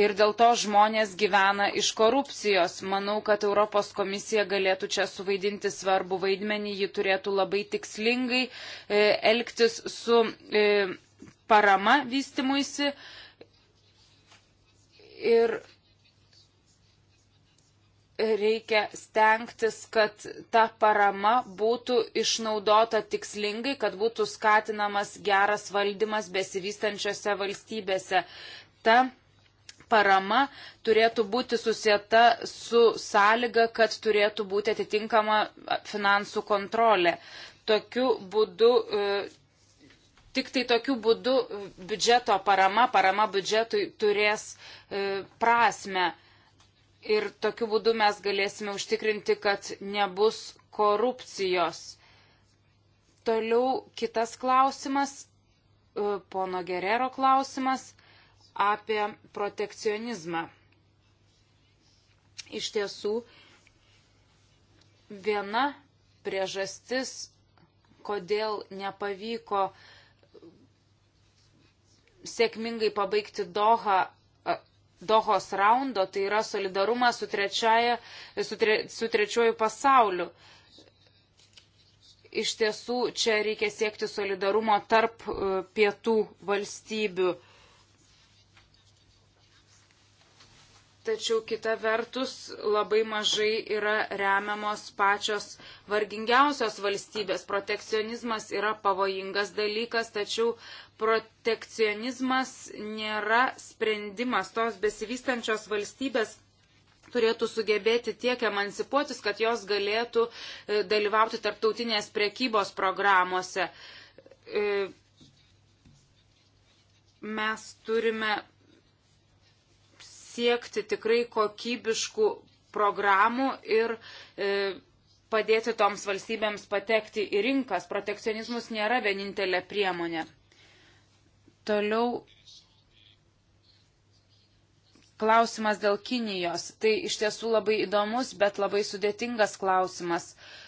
ir dėl to žmonės gyvena iš korupcijos. Manau, kad Europos komisija galėtų čia suvaidinti svarbu vaidmenį, ji turėtų labai tikslingai e, elgtis su e, parama vystimuisi. Ir reikia stengtis, kad ta parama būtų išnaudota tikslingai, kad būtų skatinamas geras valdymas besivystančiose valstybėse. Ta parama turėtų būti susieta su sąlyga, kad turėtų būti atitinkama finansų kontrolė. Tokiu būdu e, tik tai tokiu būdu biudžeto parama, parama biudžetui turės e, prasme ir tokiu būdu mes galėsime užtikrinti, kad nebus korupcijos. Toliau kitas klausimas, e, pono Gerero klausimas apie protekcionizmą. Iš tiesų, viena priežastis, kodėl nepavyko sėkmingai pabaigti Doha Dohos raundo, tai yra solidarumas su, trečiaja, su, tre, su trečiuoju pasauliu. Iš tiesų, čia reikia siekti solidarumo tarp e, pietų valstybių. tačiau kita vertus labai mažai yra remiamos pačios vargingiausios valstybės. Protekcionizmas yra pavojingas dalykas, tačiau protekcionizmas nėra sprendimas. Tos besivystančios valstybės turėtų sugebėti tiek emancipuotis, kad jos galėtų e, dalyvauti tarptautinės prekybos programuose. E, mes turime siekti tikrai kokybiškų programų ir e, padėti toms valstybėms patekti į rinkas. Protekcionizmus nėra vienintelė priemonė. Toliau klausimas dėl Kinijos. Tai iš tiesų labai įdomus, bet labai sudėtingas klausimas. E,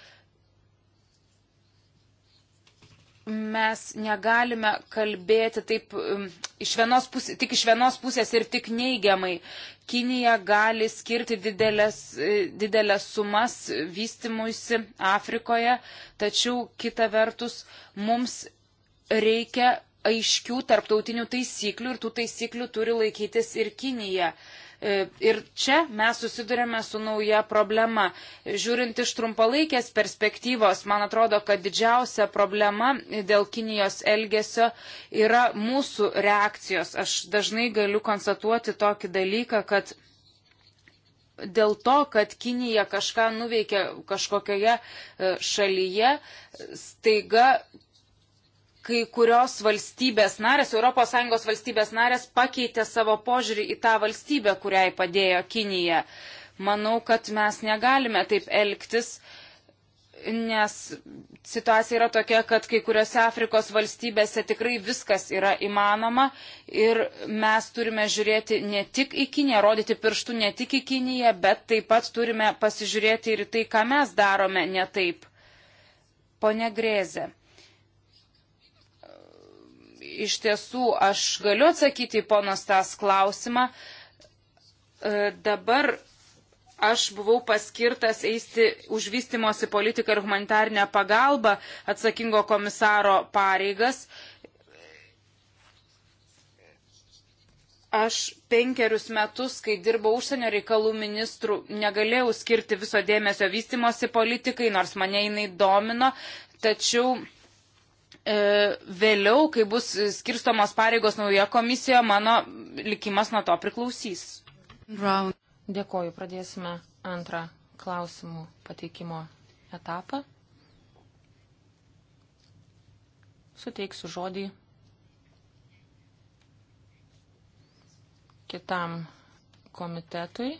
mes negalime kalbėti taip um, iš pusės, tik iš vienos pusės ir tik neigiamai. Kinija gali skirti didelės, e, didelės sumas vystimuisi Afrikoje, tačiau kita vertus mums reikia aiškių tarptautinių taisyklių ir tų taisyklių turi laikytis ir Kinija. E, ir čia mes susidurėme su nauja problema. Žiūrint iš trumpalaikės perspektyvos, man atrodo, kad didžiausia problema dėl Kinijos elgesio yra mūsų reakcijos. Aš dažnai galiu konstatuoti tokį dalyką, kad dėl to, kad Kinija kažką nuveikia kažkokioje e, šalyje, staiga kai kurios valstybės narės, ES valstybės narės pakeitė savo požiūrį į tą valstybę, kuriai padėjo Kinija. Manau, kad mes negalime taip elgtis, nes situacija yra tokia, kad kai kuriuose Afrikos valstybėse tikrai viskas yra įmanoma ir mes turime žiūrėti ne tik į Kiniją, rodyti pirštų ne tik į Kiniją, bet taip pat turime pasižiūrėti ir tai, ką mes darome ne taip. Pone Grėze iš tiesų aš galiu atsakyti į ponos tas klausimą. E, dabar aš buvau paskirtas eisti už vystimosi politiką ir humanitarnę pagalbą atsakingo komisaro pareigas. Aš penkerius metus, kai dirbau užsienio reikalų ministrų, negalėjau skirti viso dėmesio vystimosi politikai, nors mane jinai domino, tačiau E, vėliau, kai bus skirstomos pareigos nauja komisija, mano likimas nuo to priklausys. Round. Dėkoju, pradėsime antrą klausimų pateikimo etapą. Suteiksiu žodį kitam komitetui,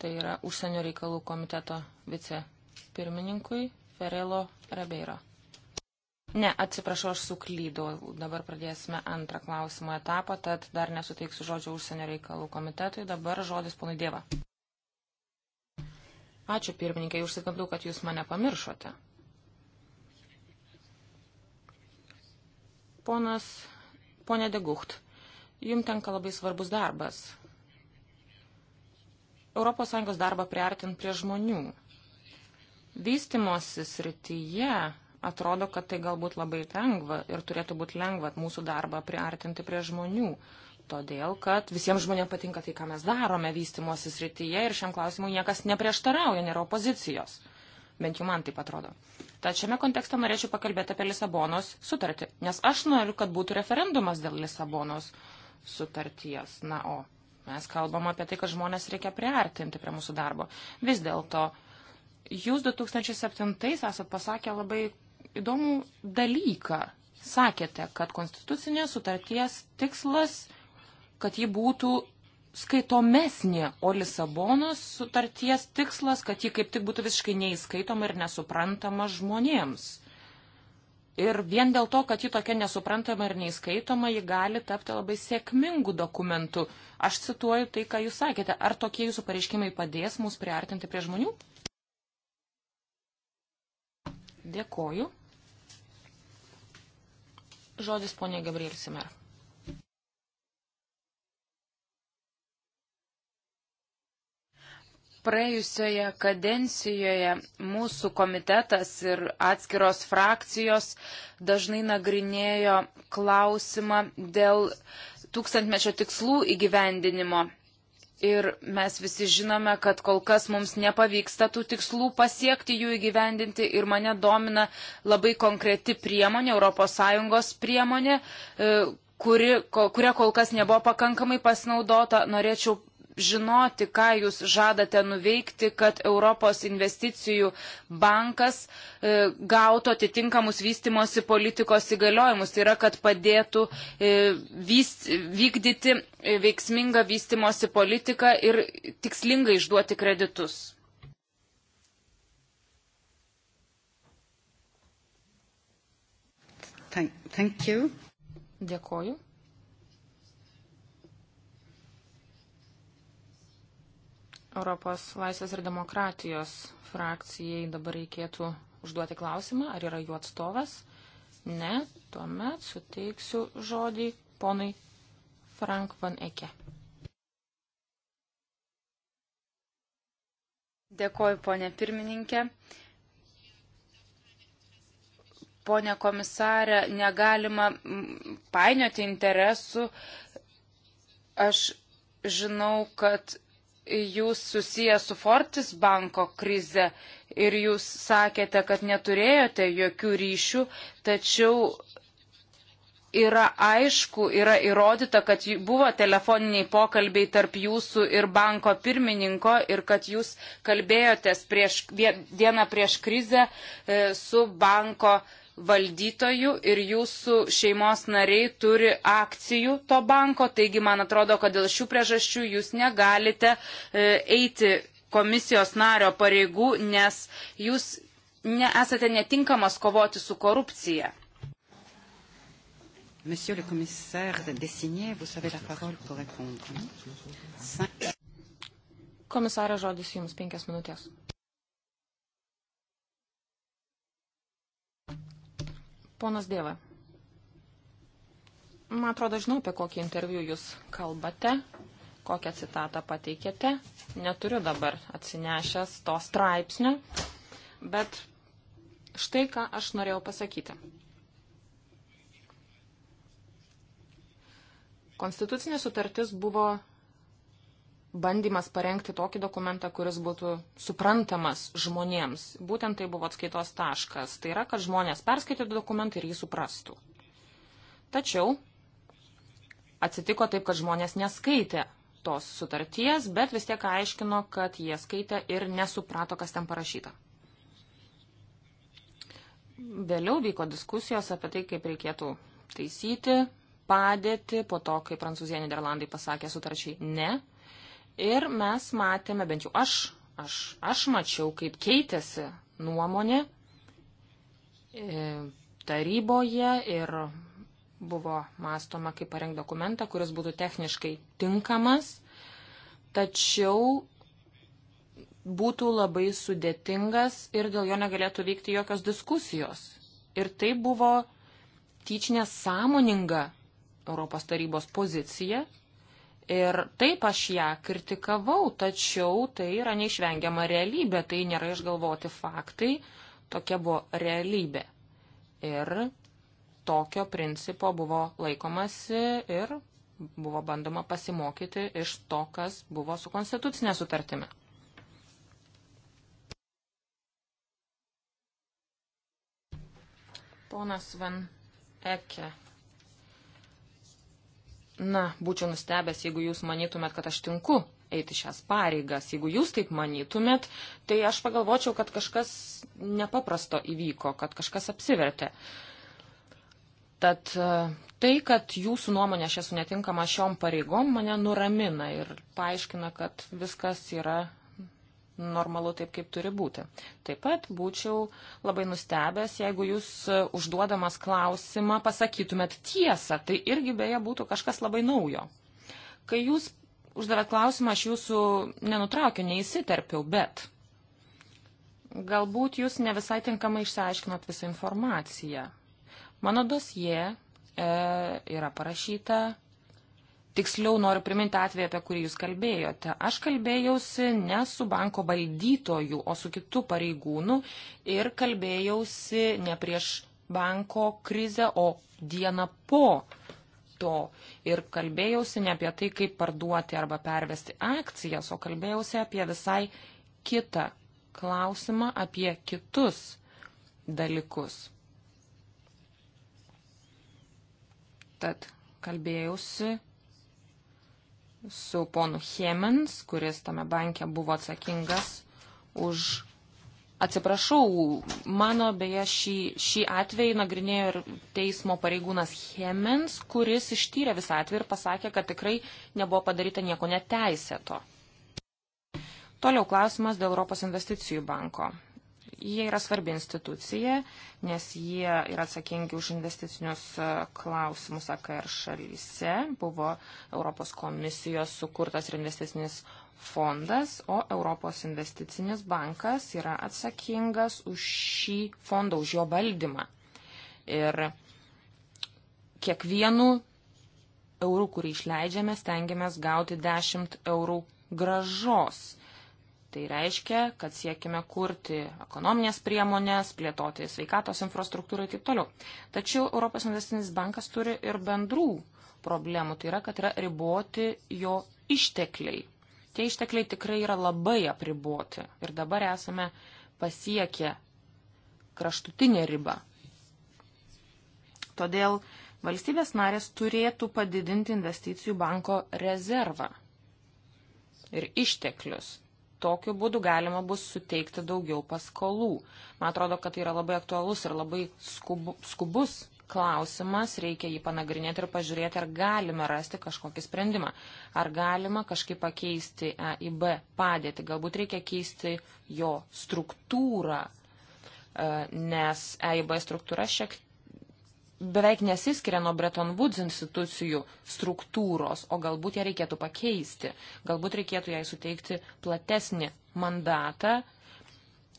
tai yra užsienio reikalų komiteto vicepirmininkui Ferelo Rabeiro. Ne, atsiprašau, aš suklydau. Dabar pradėsime antrą klausimo etapą, tad dar nesuteiksiu žodžio užsienio reikalų komitetui. Dabar žodis ponui Dieva. Ačiū pirmininkai, užsikablau, kad jūs mane pamiršote. Ponas, ponė Degucht, jums tenka labai svarbus darbas. ES darbą priartint prie žmonių. Vystimosi srityje atrodo, kad tai galbūt labai lengva ir turėtų būti lengva mūsų darbą priartinti prie žmonių. Todėl, kad visiems žmonėms patinka tai, ką mes darome vystimosi srityje ir šiam klausimui niekas neprieštarauja, nėra opozicijos. Bent jau man taip atrodo. Tad šiame kontekste norėčiau pakalbėti apie Lisabonos sutartį, nes aš noriu, kad būtų referendumas dėl Lisabonos sutarties. Na, o mes kalbam apie tai, kad žmonės reikia priartinti prie mūsų darbo. Vis dėlto, jūs 2007 esat pasakę labai įdomų dalyką. Sakėte, kad konstitucinės sutarties tikslas, kad ji būtų skaitomesnė, o Lisabonos sutarties tikslas, kad ji kaip tik būtų visiškai neįskaitoma ir nesuprantama žmonėms. Ir vien dėl to, kad ji tokia nesuprantama ir neįskaitoma, ji gali tapti labai sėkmingų dokumentų. Aš cituoju tai, ką jūs sakėte. Ar tokie jūsų pareiškimai padės mus priartinti prie žmonių? Dėkoju. Žodis ponė Gabriel Simer. Praėjusioje kadencijoje mūsų komitetas ir atskiros frakcijos dažnai nagrinėjo klausimą dėl tūkstantmečio tikslų įgyvendinimo. Ir mes visi žinome, kad kol kas mums nepavyksta tų tikslų pasiekti, jų įgyvendinti ir mane domina labai konkreti priemonė, ES priemonė, e, kuri, kuria kol kas nebuvo pakankamai pasinaudota. Norėčiau žinoti, ką jūs žadate nuveikti, kad Europos investicijų bankas e, gautų atitinkamus vystimosi politikos įgaliojimus. Tai yra, kad padėtų e, vyst, vykdyti e, veiksmingą vystimosi politiką ir tikslingai išduoti kreditus. Thank you. Dėkoju. Europos laisvės ir demokratijos frakcijai dabar reikėtų užduoti klausimą, ar yra jų atstovas. Ne, tuomet suteiksiu žodį ponui Frank Van Eke. Dėkoju, ponė pirmininkė. Pone komisarė, negalima painioti interesų. Aš žinau, kad jūs susiję su Fortis banko krize ir jūs sakėte, kad neturėjote jokių ryšių, tačiau yra aišku, yra įrodyta, kad buvo telefoniniai pokalbiai tarp jūsų ir banko pirmininko ir kad jūs kalbėjotės prieš, dieną prieš krizę e, su banko pirmininku valdytojų ir jūsų šeimos nariai turi akcijų to banko, taigi man atrodo, kad dėl šių priežasčių jūs negalite e, eiti komisijos nario pareigų, nes jūs nesate netinkamas kovoti su korupcija. Monsieur le commissaire désigné, vous avez la parole pour répondre. Komisarė žodis jums penkias minutės. Ponas Dėva. Man atrodo, žinau, apie kokį interviu jūs kalbate, kokią citatą pateikėte. Neturiu dabar atsinešęs to straipsnio, bet štai ką aš norėjau pasakyti. Konstitucinė sutartis buvo bandymas parengti tokį dokumentą, kuris būtų suprantamas žmonėms. Būtent tai buvo atskaitos taškas. Tai yra, kad žmonės perskaitytų dokumentą ir jį suprastų. Tačiau atsitiko taip, kad žmonės neskaitė tos sutarties, bet vis tiek aiškino, kad jie skaitė ir nesuprato, kas ten parašyta. Vėliau vyko diskusijos apie tai, kaip reikėtų taisyti padėti po to, kai Prancūzija Niderlandai pasakė sutarčiai ne Ir mes matėme, bent jau aš, aš, aš mačiau, kaip keitėsi nuomonė e, taryboje ir buvo mąstoma, kaip parengti dokumentą, kuris būtų techniškai tinkamas, tačiau būtų labai sudėtingas ir dėl jo negalėtų vykti jokios diskusijos. Ir tai buvo tyčinė sąmoninga Europos tarybos pozicija, Ir taip aš ją kritikavau, tačiau tai yra neišvengiama realybė, tai nėra išgalvoti faktai, tokia buvo realybė. Ir tokio principo buvo laikomasi ir buvo bandoma pasimokyti iš to, kas buvo su konstitucinė sutartimi. Ponas Van Eke Na, būčiau nustebęs, jeigu jūs manytumėt, kad aš tinku eiti šias pareigas. Jeigu jūs taip manytumėt, tai aš pagalvočiau, kad kažkas nepaprasto įvyko, kad kažkas apsivertė. Tad e, tai, kad jūsų nuomonė aš esu netinkama šiom pareigom, mane nuramina ir paaiškina, kad viskas yra normalu taip, kaip turi būti. Taip pat būčiau labai nustebęs, jeigu jūs e, užduodamas klausimą pasakytumėt tiesą, tai irgi beje būtų kažkas labai naujo. Kai jūs uždavėt klausimą, aš jūsų nenutraukiu, neįsiterpiau, bet galbūt jūs ne visai tinkamai išsiaiškinot visą informaciją. Mano dosie e, yra parašyta Tiksliau noriu priminti atvejį, apie kurį jūs kalbėjote. Aš kalbėjausi ne su banko valdytoju, o su kitu pareigūnu ir kalbėjausi ne prieš banko krizę, o dieną po to. Ir kalbėjausi ne apie tai, kaip parduoti arba pervesti akcijas, o kalbėjausi apie visai kitą klausimą, apie kitus dalykus. Tad kalbėjausi su ponu Hemens, kuris tame banke buvo atsakingas už. Atsiprašau, mano beje šį, šį atvejį nagrinėjo ir teismo pareigūnas Hemens, kuris ištyrė visą atvejį ir pasakė, kad tikrai nebuvo padaryta nieko neteisėto. Toliau klausimas dėl Europos investicijų banko. Jie yra svarbi institucija, nes jie yra atsakingi už investicinius e, klausimus AKR šalyse. Buvo Europos komisijos sukurtas ir investicinis fondas, o Europos investicinis bankas yra atsakingas už šį fondą, už jo valdymą. Ir kiekvienų eurų, kurį išleidžiame, stengiamės gauti 10 eurų gražos. Tai reiškia, kad siekime kurti ekonominės priemonės, plėtoti sveikatos infrastruktūrą ir taip toliau. Tačiau Europos investicinis bankas turi ir bendrų problemų, tai yra, kad yra riboti jo ištekliai. Tie ištekliai tikrai yra labai apriboti ir dabar esame pasiekę kraštutinę ribą. Todėl valstybės narės turėtų padidinti investicijų banko rezervą ir išteklius tokiu būdu galima bus suteikti daugiau paskolų. Man atrodo, kad tai yra labai aktualus ir labai skubu, skubus klausimas, reikia jį panagrinėti ir pažiūrėti, ar galime rasti kažkokį sprendimą, ar galima kažkaip pakeisti EIB padėtį, galbūt reikia keisti jo struktūrą, e, nes EIB struktūra šiek beveik nesiskiria nuo Bretton Woods institucijų struktūros, o galbūt ją reikėtų pakeisti, galbūt reikėtų jai suteikti platesnį mandatą.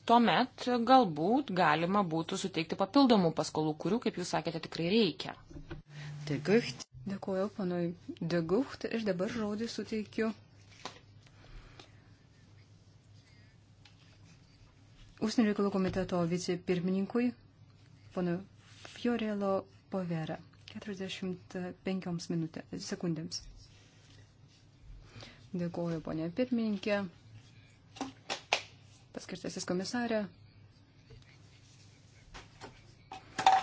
Tuomet galbūt galima būtų suteikti papildomų paskolų, kurių, kaip jūs sakėte, tikrai reikia. Degucht. Dėkuoju, panui Degucht, ir dabar žodį suteikiu. Užsienio reikalų komiteto vicepirmininkui, panui Fiorello Povera 45 minutė, sekundėms. Dėkuoju, ponė pirmininkė, paskirtasis komisarė.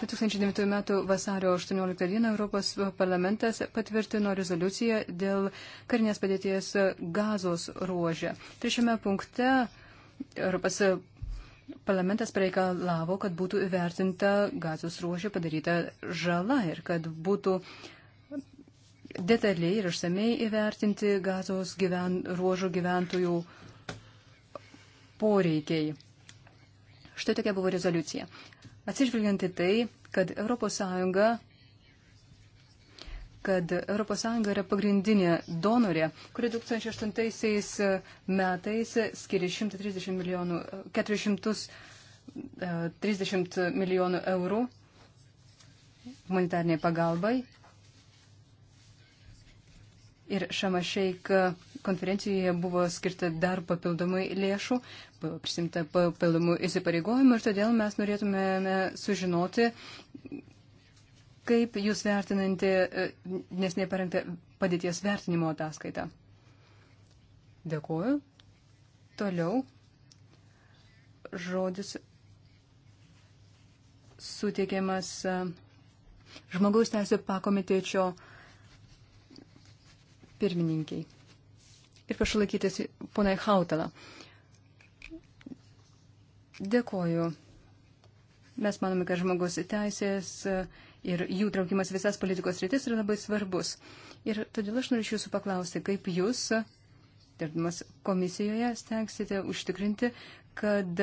2009 m. vasario 18 d. Europos parlamentas patvirtino rezoliuciją dėl karinės padėties gazos ruožė. Trečiame punkte Europos Parlamentas pareikalavo, kad būtų įvertinta gazos ruožė padaryta žala ir kad būtų detaliai ir išsamei įvertinti gazos gyven, ruožo gyventojų poreikiai. Štai tokia buvo rezoliucija. Atsižvelgiant į tai, kad ES kad ES yra pagrindinė donorė, kuri 2008 e, metais skiria 130 milijonų, 430 e, e, milijonų eurų humanitarniai pagalbai. Ir Šamašeik konferencijoje buvo skirta dar papildomai lėšų, buvo prisimta papildomų įsipareigojimų ir todėl mes norėtume sužinoti, Kaip Jūs vertinate nesnei parengtą padėties vertinimo ataskaitą? Dėkuoju. Toliau žodis suteikiamas e, žmogaus teisų pakomitečio pirmininkiai. Ir prašau laikytis ponai Hautelą. Dėkoju. Mes manome, kad žmogus teisės ir jų traukimas visas politikos rytis yra labai svarbus. Ir todėl aš norėčiau jūsų paklausti, kaip jūs, dirbdamas komisijoje, stengsite užtikrinti, kad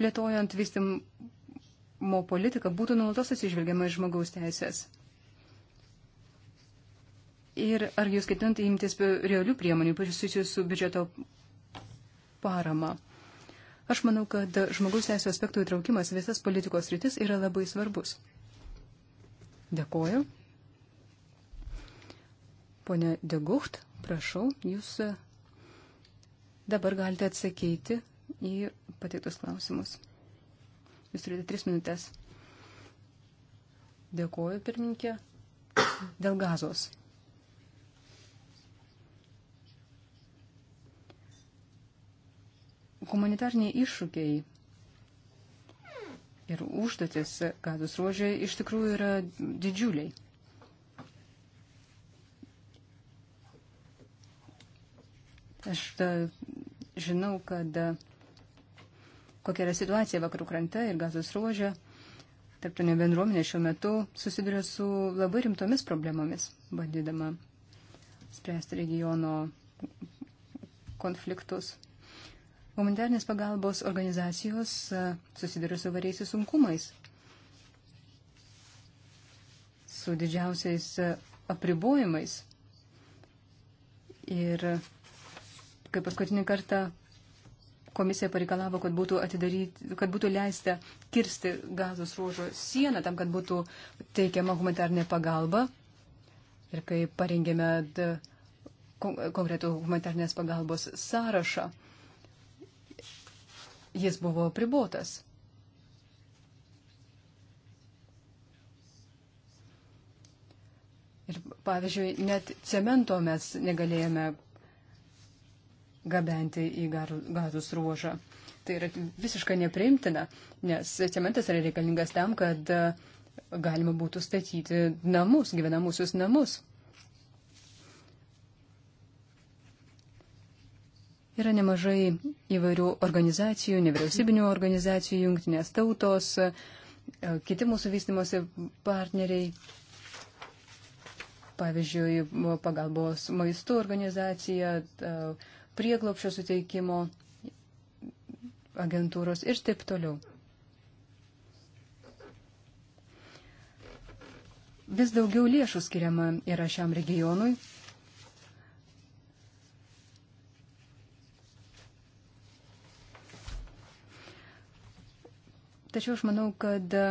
plėtojant vystimo politiką būtų nuolatos atsižvelgiama į žmogaus teisės. Ir ar jūs ketinate imtis realių priemonių susijusių su biudžeto parama? Aš manau, kad žmogaus teisų aspektų įtraukimas visas politikos rytis yra labai svarbus. Dėkoju. Pone Degucht, prašau, jūs e, dabar galite atsakyti į pateiktus klausimus. Jūs turite tris minutės. Dėkoju, pirmininkė. Dėl gazos. Humanitarniai iššūkiai ir užduotis gazos ruožė iš tikrųjų yra didžiuliai. Aš ta, e, žinau, kad e, kokia yra situacija vakarų krante ir gazos ruožė. Tarptautinė bendruomenė šiuo metu susiduria su labai rimtomis problemomis, bandydama spręsti regiono konfliktus. Humanitarnės pagalbos organizacijos e, susiduria su variais sunkumais, su didžiausiais e, apribojimais. Ir kai paskutinį kartą komisija pareikalavo, kad būtų, atidaryti, kad būtų leista kirsti gazos ruožo sieną tam, kad būtų teikiama humanitarnė pagalba. Ir kai parengėme konkretų humanitarnės pagalbos sąrašą, jis buvo pribuotas. Ir pavyzdžiui, net cemento mes negalėjome gabenti į gazos ruožą. Tai yra visiškai nepriimtina, nes cementas yra reikalingas tam, kad galima būtų statyti namus, gyvenamusius namus. Yra nemažai įvairių organizacijų, nevyriausybinių organizacijų, jungtinės tautos, e, kiti mūsų vystimosi partneriai, pavyzdžiui, pagalbos maistų organizacija, e, prieglopšio suteikimo agentūros ir taip toliau. Vis daugiau lėšų skiriama yra šiam regionui Tačiau aš manau, kad e,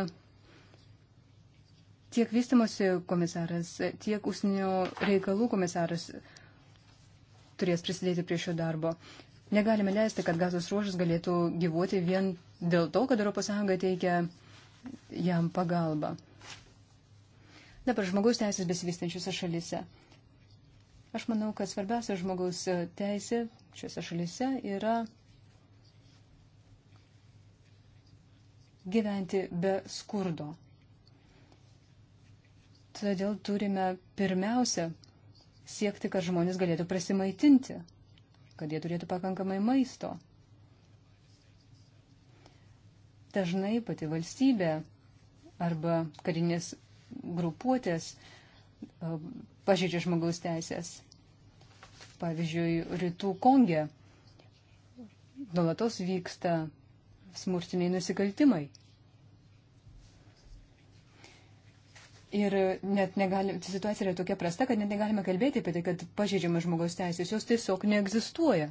tiek vystimosi komisaras, e, tiek užsienio reikalų komisaras turės prisidėti prie šio darbo. Negalime leisti, kad gazos ruožas galėtų gyvuoti vien dėl to, kad ES teikia jam pagalbą. Dabar žmogaus teisės besivystančiuose šalise. Aš manau, kad svarbiausia žmogaus teisė šiuose šalise yra gyventi be skurdo. Todėl turime pirmiausia siekti, kad žmonės galėtų prasimaitinti, kad jie turėtų pakankamai maisto. Dažnai pati valstybė arba karinės grupuotės e, pažeidžia žmogaus teisės. Pavyzdžiui, rytų Kongė nuolatos vyksta smurtiniai nusikaltimai. Ir net negali, situacija yra tokia prasta, kad net negalime kalbėti apie tai, kad pažeidžiamas žmogaus teisės, jos tiesiog neegzistuoja.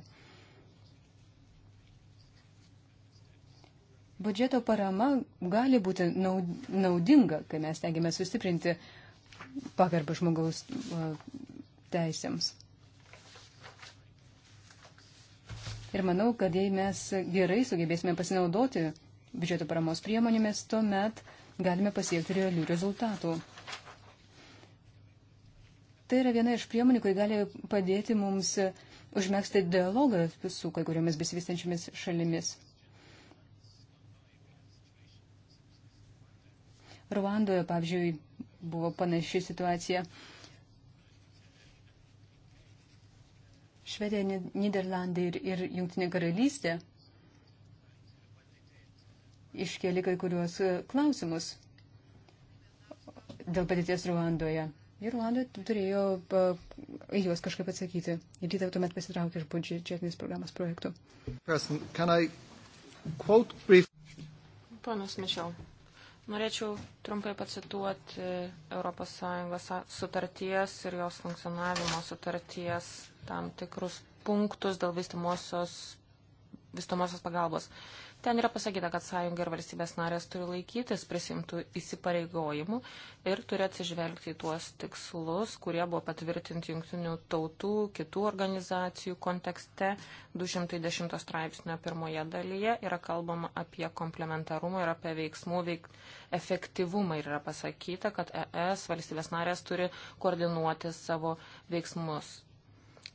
Budžeto parama gali būti naudinga, kai mes tengiame sustiprinti pagarbą žmogaus teisėms. Ir manau, kad jei mes gerai sugebėsime pasinaudoti biudžeto paramos priemonėmis, tuomet uh, galime pasiekti realių rezultatų. Tai yra viena iš priemonių, kai gali padėti mums užmėgsti dialogą su kai kuriomis besivystančiomis šalimis. Ruandoje, pavyzdžiui, buvo panaši situacija. Švedija, Niderlandai ir, ir Junktinė karalystė iškėlė kai kuriuos e, klausimus dėl padėties Ruandoje. Ir Ruanda turėjo į juos kažkaip atsakyti. Ir ryte tuomet pasitraukė iš budžetinės programos projektų. Ponas Mišel, norėčiau trumpai pacituoti ES sutarties ir jos funkcionavimo sutarties tam tikrus punktus dėl vystimosios vystomosios pagalbos. Ten yra pasakyta, kad sąjunga ir valstybės narės turi laikytis prisimtų įsipareigojimų ir turi atsižvelgti į tuos tikslus, kurie buvo patvirtinti jungtinių tautų, kitų organizacijų kontekste. 210 straipsnio pirmoje dalyje yra kalbama apie komplementarumą ir apie veiksmų veik... efektyvumą ir yra pasakyta, kad ES valstybės narės turi koordinuoti savo veiksmus.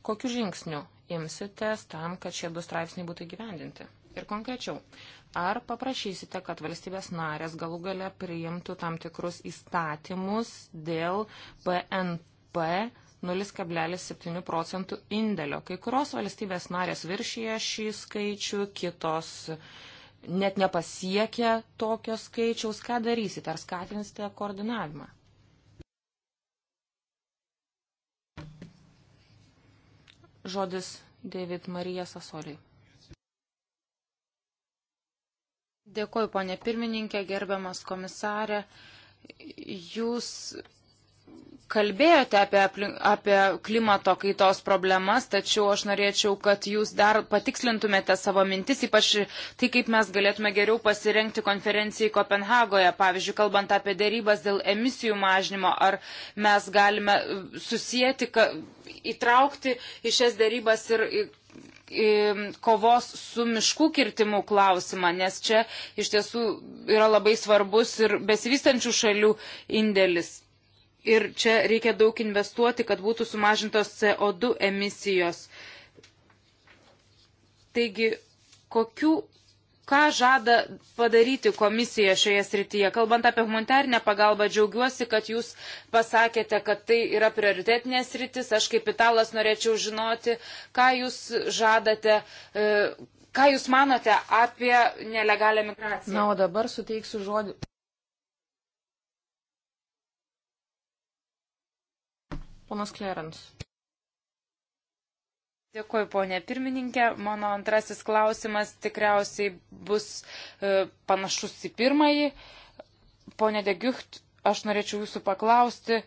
Kokiu žingsniu imsitės tam, kad šie du straipsniai būtų įgyvendinti? Ir konkrečiau, ar paprašysite, kad valstybės narės galų gale priimtų tam tikrus įstatymus dėl PNP 0,7 procentų indėlio. Kai kurios valstybės narės viršyje šį skaičių, kitos net nepasiekia tokio skaičiaus. Ką darysite? Ar skatinsite koordinavimą? žodis David Marija Sasoliai. Dėkuoju, ponė pirmininkė, gerbiamas komisarė. Jūs kalbėjote apie, aplink, apie klimato kaitos problemas, tačiau aš norėčiau, kad jūs dar patikslintumėte savo mintis, ypač tai, kaip mes galėtume geriau pasirengti konferencijai Kopenhagoje, pavyzdžiui, kalbant apie dėrybas dėl emisijų mažnymo, ar mes galime e, susijęti, ka, įtraukti į šias dėrybas ir. ir kovos su miškų kirtimų klausimą, nes čia iš tiesų yra labai svarbus ir besivystančių šalių indėlis. Ir čia reikia daug investuoti, kad būtų sumažintos CO2 emisijos. Taigi, kokių, ką žada padaryti komisija šioje srityje? Kalbant apie humanitarinę pagalbą, džiaugiuosi, kad jūs pasakėte, kad tai yra prioritetinė sritis. Aš kaip italas norėčiau žinoti, ką jūs žadate. E, ką Jūs manote apie nelegalią migraciją? Na, o dabar suteiksiu žodį ponas Klerens. Dėkuoju, ponė pirmininkė. Mano antrasis klausimas tikriausiai bus e, panašus į pirmąjį. Pone Degiucht, aš norėčiau jūsų paklausti,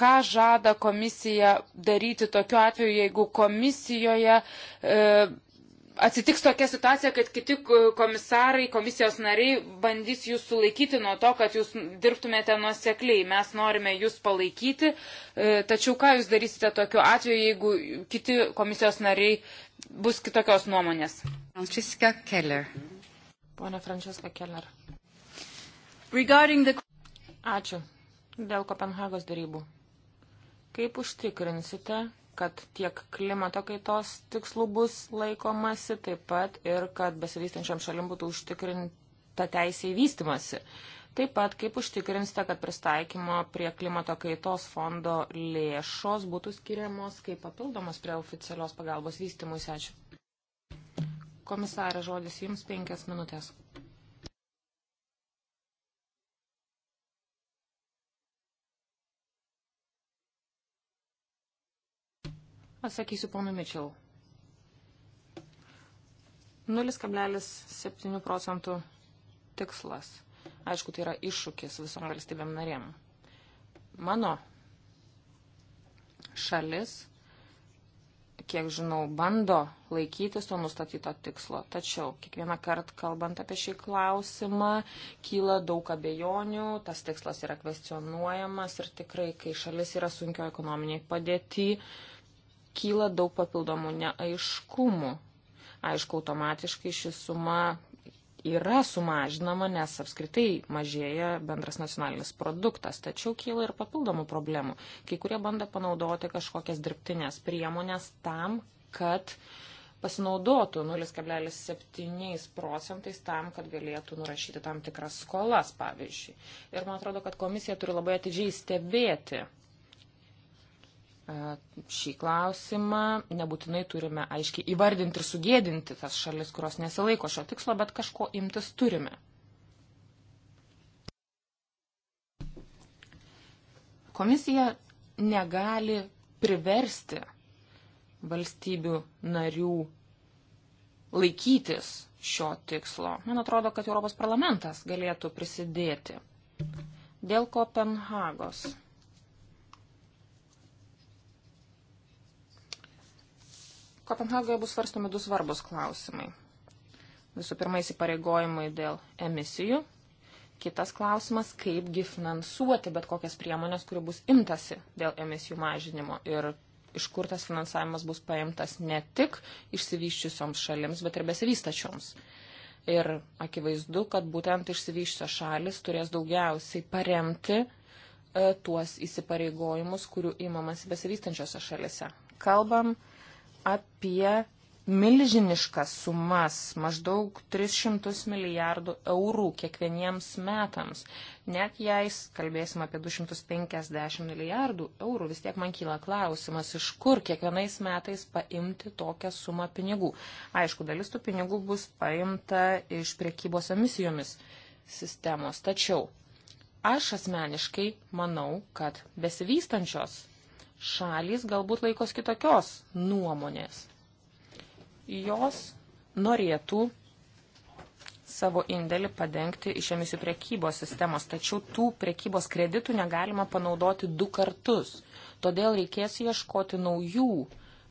ką žada komisija daryti tokiu atveju, jeigu komisijoje e, atsitiks tokia situacija, kad kiti komisarai, komisijos nariai bandys jūs sulaikyti nuo to, kad jūs dirbtumėte nuosekliai. Mes norime jūs palaikyti, e, tačiau ką jūs darysite tokiu atveju, jeigu kiti komisijos nariai bus kitokios nuomonės? Frančiska Keller. Pone Frančiska Keller. Regarding the... Ačiū. Dėl Kopenhagos darybų. Kaip užtikrinsite, kad tiek klimato kaitos tikslų bus laikomasi, taip pat ir kad besivystančiam šalim būtų užtikrinta teisė į vystimasi. Taip pat, kaip užtikrinsite, kad pristaikymo prie klimato kaitos fondo lėšos būtų skiriamos kaip papildomos prie oficialios pagalbos vystimui. Ačiū. Komisarė, žodis jums penkias minutės. Atsakysiu ponui Mičel. 0,7 procentų tikslas. Aišku, tai yra iššūkis visom valstybėm narėm. Mano šalis, kiek žinau, bando laikytis to nustatyto tikslo. Tačiau kiekvieną kartą kalbant apie šį klausimą, kyla daug abejonių, tas tikslas yra kvestionuojamas ir tikrai, kai šalis yra sunkio ekonominiai padėti, uh, kyla daug papildomų neaiškumų. Aišku, automatiškai ši suma yra sumažinama, nes apskritai mažėja bendras nacionalinis produktas, tačiau kyla ir papildomų problemų. Kai kurie bando panaudoti kažkokias dirbtinės priemonės tam, kad pasinaudotų 0,7 procentais tam, kad galėtų nurašyti tam tikras skolas, pavyzdžiui. Ir man atrodo, kad komisija turi labai atidžiai stebėti E, šį klausimą. Nebūtinai turime aiškiai įvardinti ir sugėdinti tas šalis, kurios nesilaiko šio tikslo, bet kažko imtis turime. Komisija negali priversti valstybių narių laikytis šio tikslo. Man atrodo, kad Europos parlamentas galėtų prisidėti dėl Kopenhagos. Kopenhagoje bus svarstomi du svarbus klausimai. Visų pirma, įsipareigojimai dėl emisijų. Kitas klausimas, kaipgi finansuoti bet kokias priemonės, kurių bus imtasi dėl emisijų mažinimo ir iš kur tas finansavimas bus paimtas ne tik išsivyščiusioms šalims, bet ir besivystačioms. Ir akivaizdu, kad būtent išsivyščios šalis turės daugiausiai paremti e, tuos įsipareigojimus, kurių įmamas besivystančiose šalise. Kalbam apie milžiniškas sumas, maždaug 300 milijardų eurų kiekvieniems metams. Net jei kalbėsim apie 250 milijardų eurų, vis tiek man kyla klausimas, iš kur kiekvienais metais paimti tokią sumą pinigų. Aišku, dalis tų pinigų bus paimta iš priekybos emisijomis sistemos. Tačiau aš asmeniškai manau, kad besivystančios šalys galbūt laikos kitokios nuomonės. Jos norėtų savo indėlį padengti iš emisijų prekybos sistemos, tačiau tų prekybos kreditų negalima panaudoti du kartus. Todėl reikės ieškoti naujų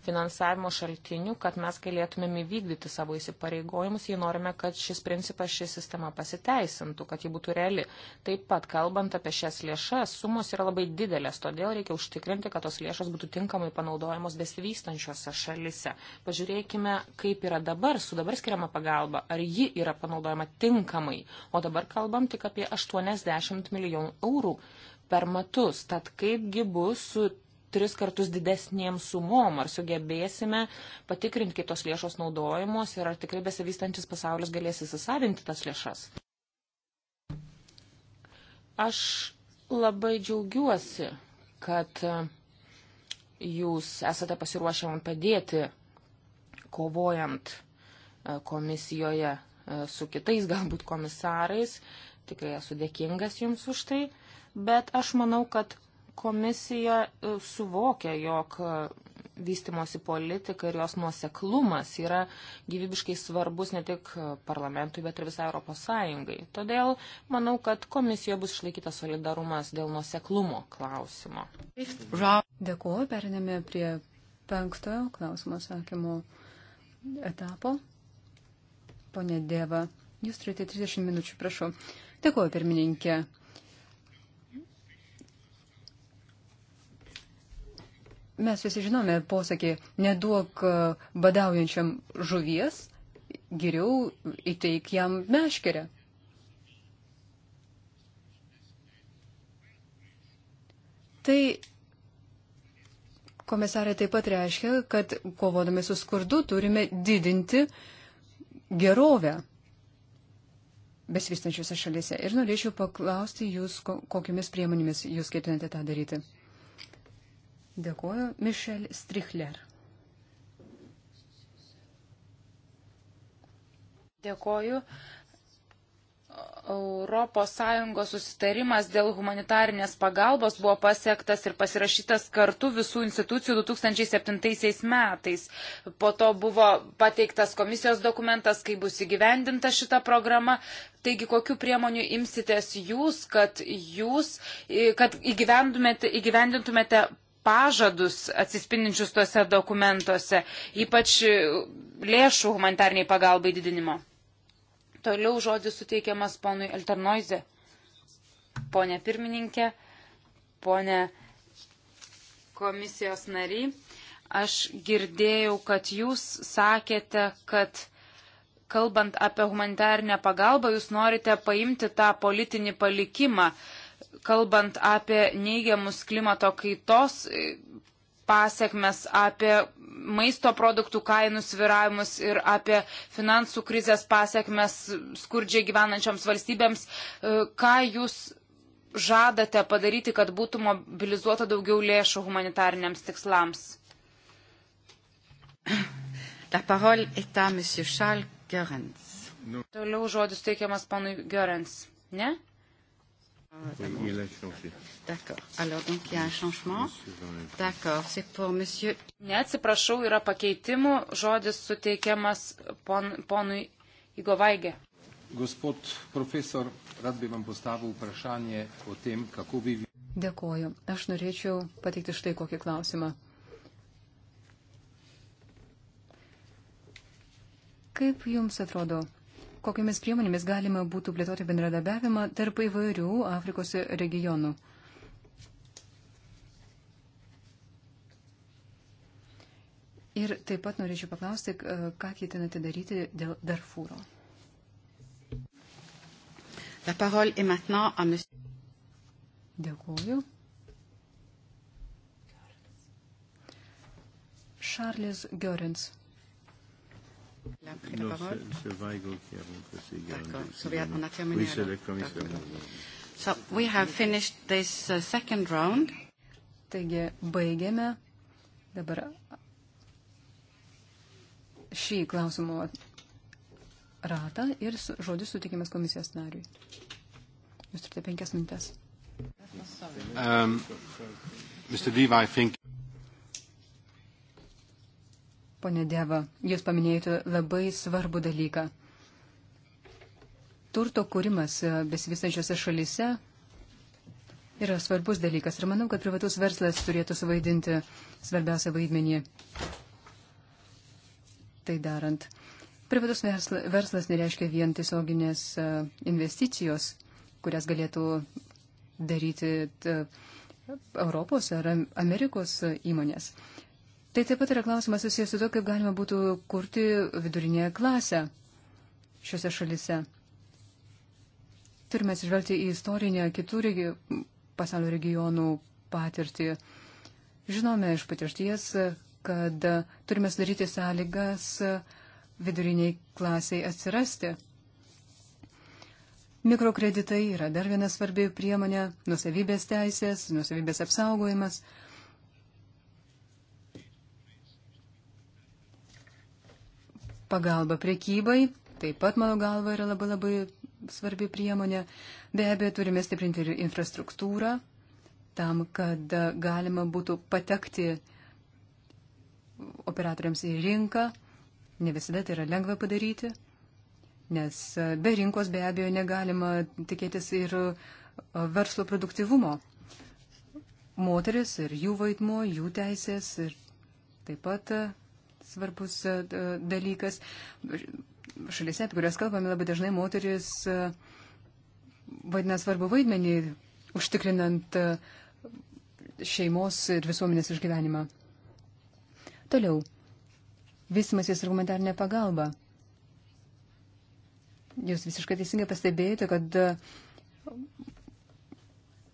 finansavimo šaltinių, kad mes galėtumėm įvykdyti savo įsipareigojimus, jei norime, kad šis principas, ši sistema pasiteisintų, kad ji būtų reali. Taip pat, kalbant apie šias lėšas, sumos yra labai didelės, todėl reikia užtikrinti, kad tos lėšos būtų tinkamai panaudojamos besivystančiose šalise. Pažiūrėkime, kaip yra dabar su dabar skiriama pagalba, ar ji yra panaudojama tinkamai. O dabar kalbam tik apie 80 milijonų eurų per metus. Tad kaipgi bus su tris kartus didesniem sumom, ar sugebėsime patikrinti, kaip tos lėšos naudojamos ir ar tikrai besivystantis pasaulis galės įsisavinti tas lėšas. Aš labai džiaugiuosi, kad jūs esate pasiruošę man padėti, kovojant e, komisijoje e, su kitais galbūt komisarais. Tikrai esu dėkingas jums už tai, bet aš manau, kad komisija e, suvokia, jog e, vystimosi politika ir jos nuoseklumas yra gyvybiškai svarbus ne tik e, parlamentui, bet ir visai Europos Sąjungai. Todėl manau, kad komisijoje bus išlaikytas solidarumas dėl nuoseklumo klausimo. Dėkuoju, perinėme prie penktojo klausimo sakymo etapo. Pone Dėva, jūs turite 30 minučių, prašau. Dėkuoju, pirmininkė. Mes visi žinome posakį, neduok e, badaujančiam žuvies, geriau įteik jam meškerę. Tai komisarė taip pat reiškia, kad kovodami su skurdu turime didinti gerovę besivystančiuose šalise. Ir norėčiau paklausti jūs, kokiamis priemonėmis jūs ketinate tą daryti. Dėkuoju, Mišel Strichler. Dėkuoju. ES susitarimas dėl humanitarinės pagalbos buvo pasiektas ir pasirašytas kartu visų institucijų 2007 metais. Po to buvo pateiktas komisijos dokumentas, kaip bus įgyvendinta šita programa. Taigi, kokiu priemoniu imsitės jūs, kad jūs, kad įgyvendintumėte pažadus atsispindinčius tuose dokumentuose, ypač lėšų humanitarniai pagalbai didinimo. Toliau žodis suteikiamas ponui Alternoizė. Pone pirmininkė, pone komisijos nariai, aš girdėjau, kad jūs sakėte, kad kalbant apie humanitarnę pagalbą, jūs norite paimti tą politinį palikimą, uh, kalbant apie neigiamus klimato kaitos pasiekmes, apie maisto produktų kainų sviravimus ir apie finansų krizės pasiekmes skurdžiai gyvenančioms valstybėms, e, ką jūs žadate padaryti, kad būtų mobilizuota daugiau lėšų humanitariniams tikslams? La parole est à M. Charles Görens. Nu. Toliau žodis teikiamas panui Görens. Ne? Neatsiprašau, yra pakeitimų, žodis suteikiamas pon, ponui Igovaigė. Gospod profesor, rad bi vam postavil vprašanje o tem, kako bi. Dėkoju. Aš norėčiau pateikti štai kokį klausimą. Kaip jums atrodo, kokiamis priemonėmis galima būtų plėtoti bendradarbiavimą tarp įvairių Afrikos regionų. Ir taip pat norėčiau paklausti, ką ketinate daryti dėl Darfūro. La parole est maintenant à monsieur. Dėkuoju. Šarlis Görens. La, la non, parole M. Weigel qui a remplacé D'accord. So we are, on a terminé. Oui, c'est le commissaire. So we have finished this uh, second round. Taigi, baigėme dabar šį klausimų ratą ir žodis sutikimas komisijos nariui. Jūs turite penkias mintes. Um, Mr. Diva, I think... Pone Deva, jūs paminėjote labai svarbų dalyką. Turto kūrimas e, besivystančiose šalise yra svarbus dalykas ir manau, kad privatus verslas turėtų suvaidinti svarbiausią vaidmenį. Tai darant. Privatus verslas, verslas nereiškia vien tiesioginės e, investicijos, kurias galėtų daryti Europos ar Amerikos e, įmonės. Tai taip pat yra klausimas susijęs su to, kaip galima būtų kurti vidurinėje klasę šiuose šalise. Turime atsižvelgti į istorinę kitų regi pasaulio regionų patirtį. Žinome iš patirties, kad turime sudaryti sąlygas viduriniai klasiai atsirasti. Mikrokreditai yra dar viena svarbi priemonė - nusavybės teisės, nusavybės apsaugojimas. Pagalba priekybai taip pat, mano galva, yra labai labai svarbi priemonė. Be abejo, turime stiprinti ir infrastruktūrą tam, kad e, galima būtų patekti operatoriams į rinką. Ne visada tai yra lengva padaryti, nes e, be rinkos be abejo negalima tikėtis ir e, verslo produktivumo. Moteris ir jų vaidmo, jų teisės ir taip pat svarbus e, dalykas. Šalise, apie kurias kalbame, labai dažnai moteris e, vaidina svarbu vaidmenį, užtikrinant e, šeimos ir visuomenės išgyvenimą. Toliau. Vystimasis ir humanitarinė pagalba. Jūs visiškai teisingai pastebėjote, kad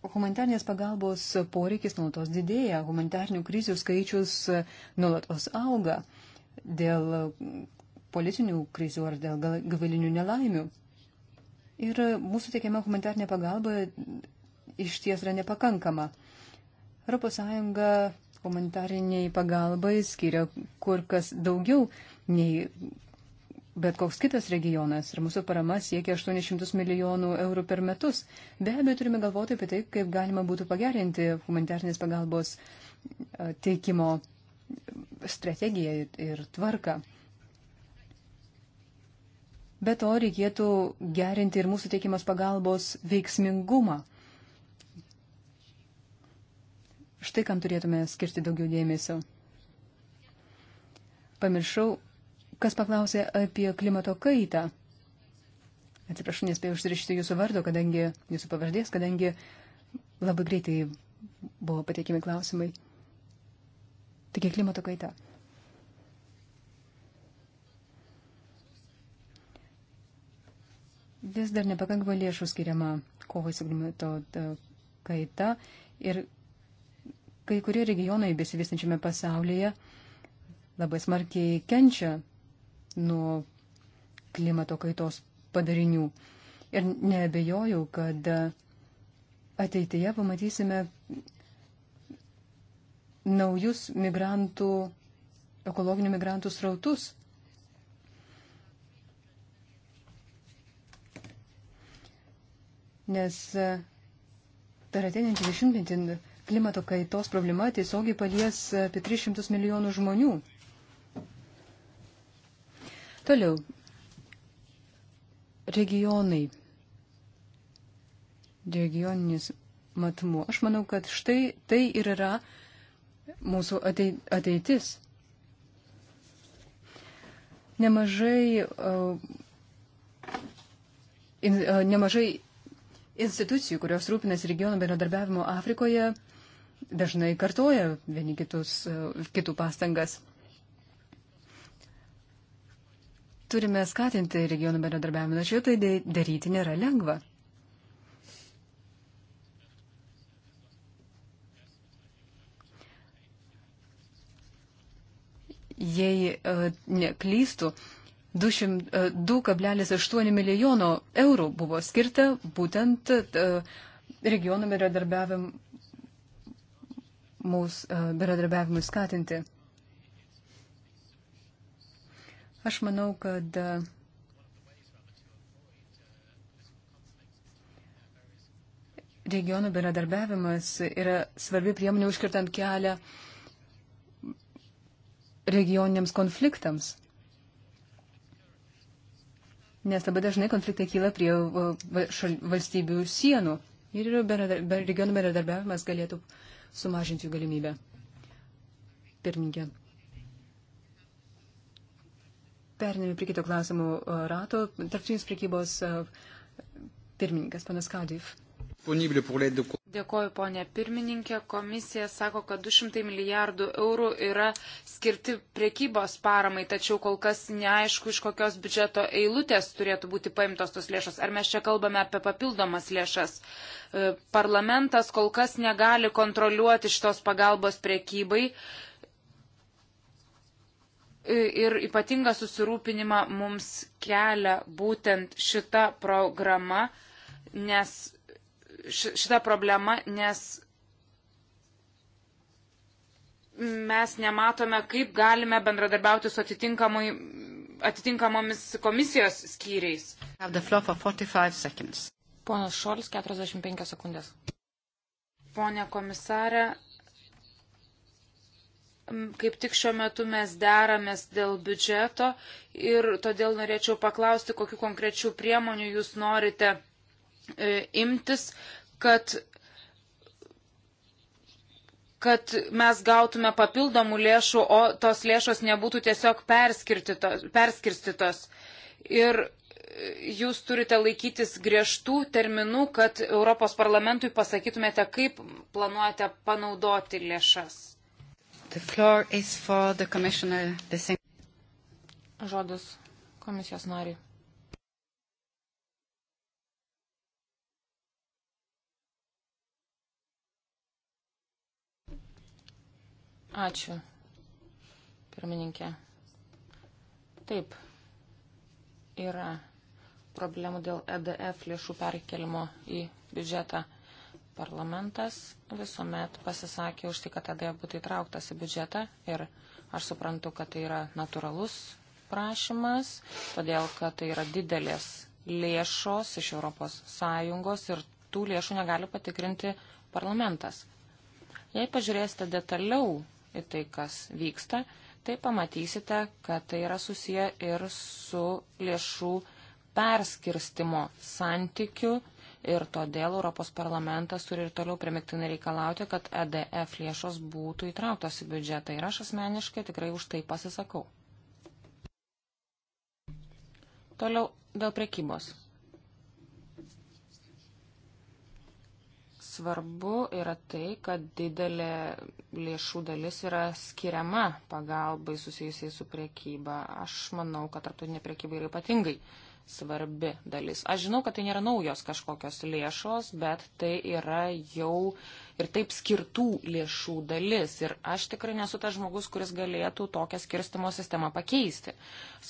humanitarnės pagalbos poreikis nuolatos didėja, humanitarnių krizių skaičius nuolatos auga dėl politinių krizių ar dėl gavalinių nelaimių. Ir mūsų teikiama humanitarnė pagalba iš ties yra nepakankama. ES humanitariniai pagalbai skiria kur kas daugiau nei bet koks kitas regionas ir mūsų parama siekia 800 milijonų eurų per metus. Be abejo, turime galvoti apie tai, kaip galima būtų pagerinti humanitarnės pagalbos teikimo strategiją ir tvarką. Be to reikėtų gerinti ir mūsų teikiamas pagalbos veiksmingumą. Štai kam turėtume skirti daugiau dėmesio. Pamiršau, kas paklausė apie klimato kaitą. Atsiprašau, nespėjau užsirašyti jūsų vardo, kadangi jūsų pavardės, kadangi labai greitai buvo pateikimi klausimai. Taigi klimato kaita. Vis dar nepakankamai lėšų skiriama kovai su klimato e, kaita ir kai kurie regionai besivystančiame pasaulyje labai smarkiai kenčia nuo klimato kaitos padarinių. Ir nebejoju, kad ateityje pamatysime naujus migrantų, ekologinių migrantų srautus. Nes e, per ateinantį dešimtmetį klimato kaitos problema tiesiogiai palies e, apie 300 milijonų žmonių. Toliau. Regionai. Regioninis matmuo. Aš manau, kad štai tai ir yra uh, mūsų ateitis. Nemažai, uh, uh, nemažai institucijų, kurios rūpinasi regionų bendradarbiavimo Afrikoje, dažnai kartoja vieni kitus, uh, kitų pastangas. Turime skatinti regionų bendradarbiavimą, tačiau tai daryti nėra lengva. jei e, neklystų, 2,8 e, milijono eurų buvo skirta būtent e, regionų bendradarbiavimui skatinti. Aš manau, kad regionų bendradarbiavimas yra svarbi priemonė užkirtant kelią uh, regioniniams konfliktams. Nes labai dažnai konfliktai kyla prie valstybių sienų ir regionų bendradarbiavimas galėtų sumažinti jų galimybę. Pirmininkė. Perinėme prie kito klausimų rato. Tarptinis prekybos pirmininkas, panas Kadif. Dėkoju, ponė pirmininkė. Komisija sako, kad 200 milijardų eurų yra skirti priekybos paramai, tačiau kol kas neaišku, iš kokios biudžeto eilutės turėtų būti paimtos tos lėšos. Ar mes čia kalbame apie papildomas lėšas? E, parlamentas kol kas negali kontroliuoti šitos pagalbos priekybai. E, ir ypatinga susirūpinima mums kelia būtent šita programa, nes šitą problemą, nes mes nematome, kaip galime bendradarbiauti su atitinkamomis komisijos skyriais. Ponas Šolis, 45 sekundės. Pone komisarė, kaip tik šiuo metu mes deramės dėl biudžeto ir todėl norėčiau paklausti, kokiu konkrečiu priemoniu jūs norite E, imtis, kad kad mes gautume papildomų lėšų, o tos lėšos nebūtų tiesiog perskirstytos. Ir jūs turite laikytis griežtų terminų, kad Europos parlamentui pasakytumėte, kaip planuojate panaudoti lėšas. Žodis komisijos nariui. Ačiū, pirmininkė. Taip, yra problemų dėl EDF lėšų perkelimo į biudžetą. Parlamentas visuomet pasisakė už tai, kad EDF būtų įtrauktas į biudžetą ir aš suprantu, kad tai yra natūralus prašymas, todėl kad tai yra didelės lėšos iš ES ir tų lėšų negali patikrinti parlamentas. Jei pažiūrėsite detaliau į tai, kas vyksta, tai pamatysite, kad tai yra susiję ir su lėšų perskirstimo santykiu ir todėl Europos parlamentas turi ir toliau primiktinai reikalauti, kad EDF lėšos būtų įtrauktos į biudžetą ir aš asmeniškai tikrai už tai pasisakau. Toliau dėl prekybos. Svarbu yra tai, kad didelė lėšų dalis yra skiriama pagalbai susijusiai su priekyba. Aš manau, kad tarptautinė priekyba yra ypatingai svarbi dalis. Aš žinau, kad tai nėra naujos kažkokios lėšos, bet tai yra jau ir taip skirtų lėšų dalis. Ir aš tikrai nesu tas žmogus, kuris galėtų tokią skirstimo sistemą pakeisti.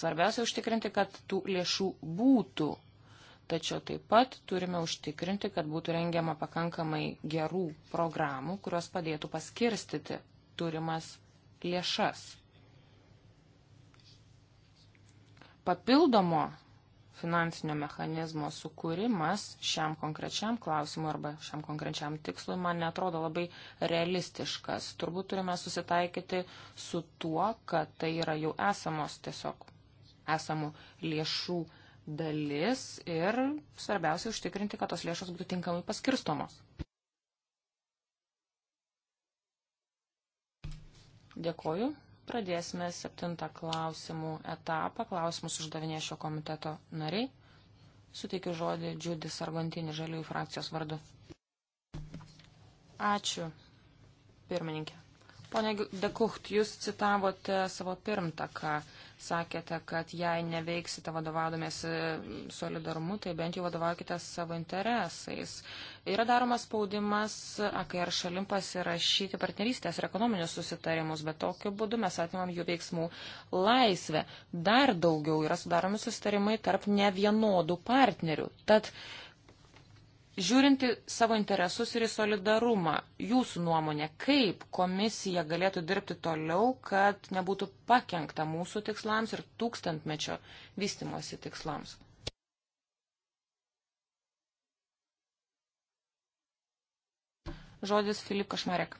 Svarbiausia užtikrinti, kad tų lėšų būtų Tačiau taip pat turime užtikrinti, kad būtų rengiama pakankamai gerų programų, kurios padėtų paskirstyti turimas lėšas. Papildomo finansinio mechanizmo sukūrimas šiam konkrečiam klausimui arba šiam konkrečiam tikslui man netrodo labai realistiškas. Turbūt turime susitaikyti su tuo, kad tai yra jau esamos tiesiog esamų lėšų dalis ir svarbiausia užtikrinti, kad tos lėšos būtų tinkamai paskirstomos. Dėkoju. Pradėsime septintą klausimų etapą. Klausimus uždavinė šio komiteto nariai. Suteikiu žodį Džiudis Argantinį žaliųjų frakcijos vardu. Ačiū, pirmininkė. Pone Dekucht, jūs citavote savo pirmtaką sakėte, kad jei neveiksite vadovaudomės e, solidarumu, tai bent jau vadovaukite savo interesais. Yra daromas spaudimas e, AKR šalim pasirašyti partnerystės ir ekonominius susitarimus, bet tokiu būdu mes atimam jų veiksmų laisvę. Dar daugiau yra sudaromi susitarimai tarp nevienodų partnerių. Tad Žiūrinti savo interesus ir į solidarumą, jūsų nuomonė, kaip komisija galėtų dirbti toliau, kad nebūtų pakengta mūsų tikslams ir tūkstantmečio vystimosi tikslams? Žodis Filip Kašmarek.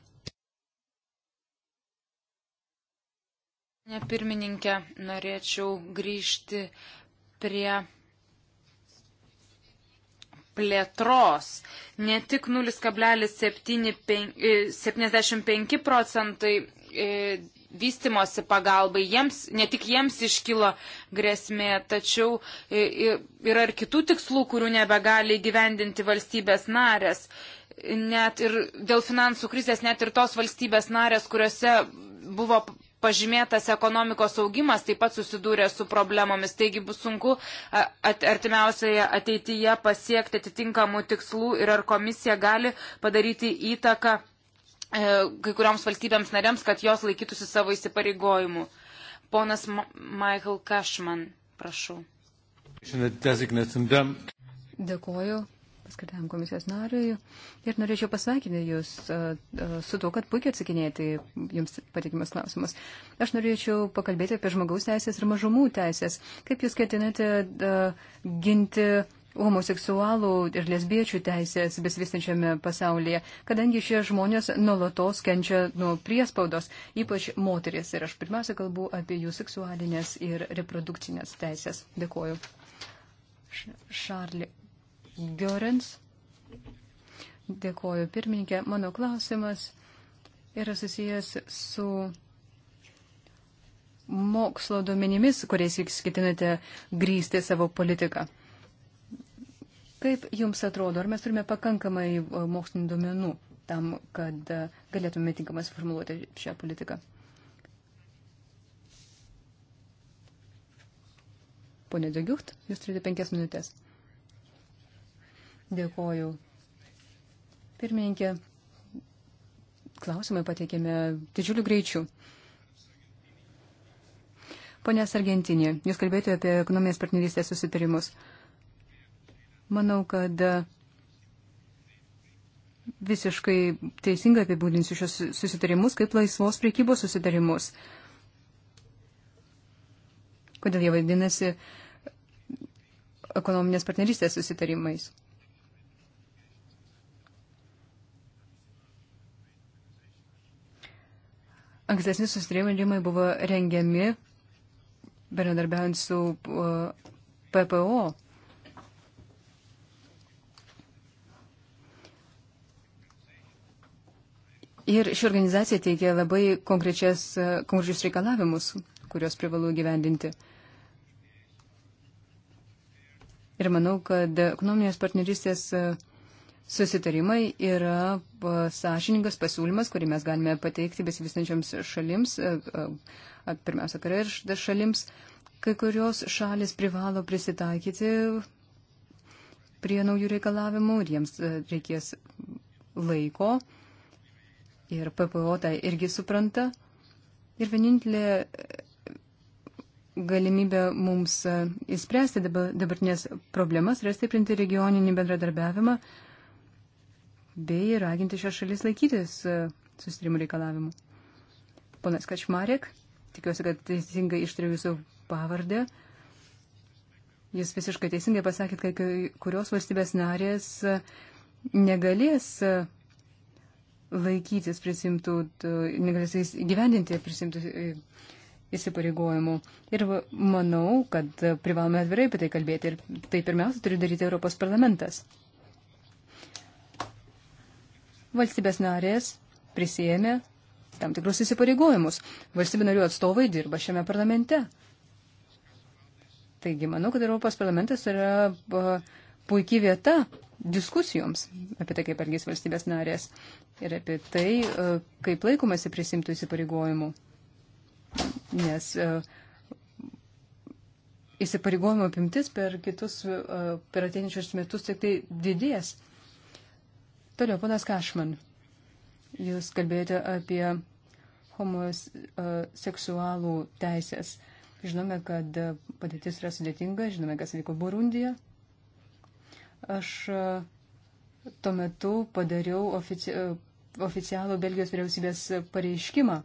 Ne pirmininkė, norėčiau grįžti prie plėtros. Ne tik 0,75 e, procentai e, vystimosi pagalbai, jiems, ne tik jiems iškilo grėsmė, tačiau e, yra ir kitų tikslų, kurių nebegali gyvendinti valstybės narės. Net ir dėl finansų krizės, net ir tos valstybės narės, kuriuose buvo pažymėtas ekonomikos augimas taip pat susidūrė su problemomis, taigi bus sunku artimiausioje ateityje pasiekti atitinkamų tikslų ir ar komisija gali padaryti įtaką e, kai kurioms valstybėms narėms, kad jos laikytųsi savo įsipareigojimų. Ponas Ma Michael Cashman, prašau. Dėkuoju paskirtam komisijos nariui. Ir norėčiau pasveikinti Jūs su to, kad puikiai atsakinėjate Jums patikimas klausimus. Aš norėčiau pakalbėti apie žmogaus teisės ir mažumų teisės. Kaip Jūs ketinate ginti homoseksualų ir lesbiečių teisės besivystančiame pasaulyje, kadangi šie žmonės nuolatos kenčia nuo priespaudos, ypač moteris. Ir aš pirmiausia kalbu apie jų seksualinės ir reprodukcinės teisės. Dėkuoju. Šarli Görens. Dėkoju pirmininkė. Mano klausimas yra susijęs su mokslo duomenimis, kuriais jūs ketinate grįsti savo politiką. Kaip jums atrodo, ar mes turime pakankamai e, mokslinių duomenų tam, kad e, galėtume tinkamai suformuoluoti šią politiką? Pone Degiucht, jūs turite penkias minutės. Dėkoju. Pirmininkė, klausimai pateikėme didžiuliu greičiu. Pone Sargentinė, jūs kalbėjote apie ekonominės partnerystės susitarimus. Manau, kad visiškai teisingai apibūdinsiu šios susitarimus kaip laisvos priekybos susitarimus. Kodėl jie vadinasi ekonominės partnerystės susitarimais? Ankstesni susitrimai buvo rengiami bendradarbiaujant su PPO. Ir ši organizacija teikia labai konkrečius reikalavimus, kuriuos privalu gyvendinti. Ir manau, kad ekonominės partnerystės uh, susitarimai yra sąžiningas pasiūlymas, kurį mes galime pateikti besivystančiams šalims, e, e, pirmiausia, karai šalims. Kai kurios šalis privalo prisitaikyti prie naujų reikalavimų ir jiems e, reikės laiko. Ir PPO tai irgi supranta. Ir vienintelė galimybė mums įspręsti dabartinės problemas yra stiprinti regioninį bendradarbiavimą bei raginti šias šalis laikytis e, susitarimų reikalavimų. Ponas Kačmarek, tikiuosi, kad teisingai ištariu jūsų pavardę. Jūs visiškai teisingai pasakėt, kad kurios valstybės narės e, negalės e, laikytis prisimtų, negalės gyvendinti prisimtų įsipareigojimų. Ir manau, kad privalome atvirai apie tai kalbėti. Ir tai pirmiausia turi daryti Europos parlamentas valstybės narės prisėmė tam tikrus įsipareigojimus. Valstybė narių atstovai dirba šiame parlamente. Taigi, manau, kad Europos parlamentas yra puikiai vieta diskusijoms apie tai, kaip elgis valstybės narės ir apie tai, kaip laikomasi prisimtų įsipareigojimų. Nes įsipareigojimo apimtis per kitus, per ateinančius metus tik tai didės. Toliau, ponas Kašman, jūs kalbėjote apie homoseksualų teisės. Žinome, kad padėtis yra sudėtinga, žinome, kas vyko Burundija. Aš e, tuo metu padariau ofici e, oficialų Belgijos vyriausybės pareiškimą.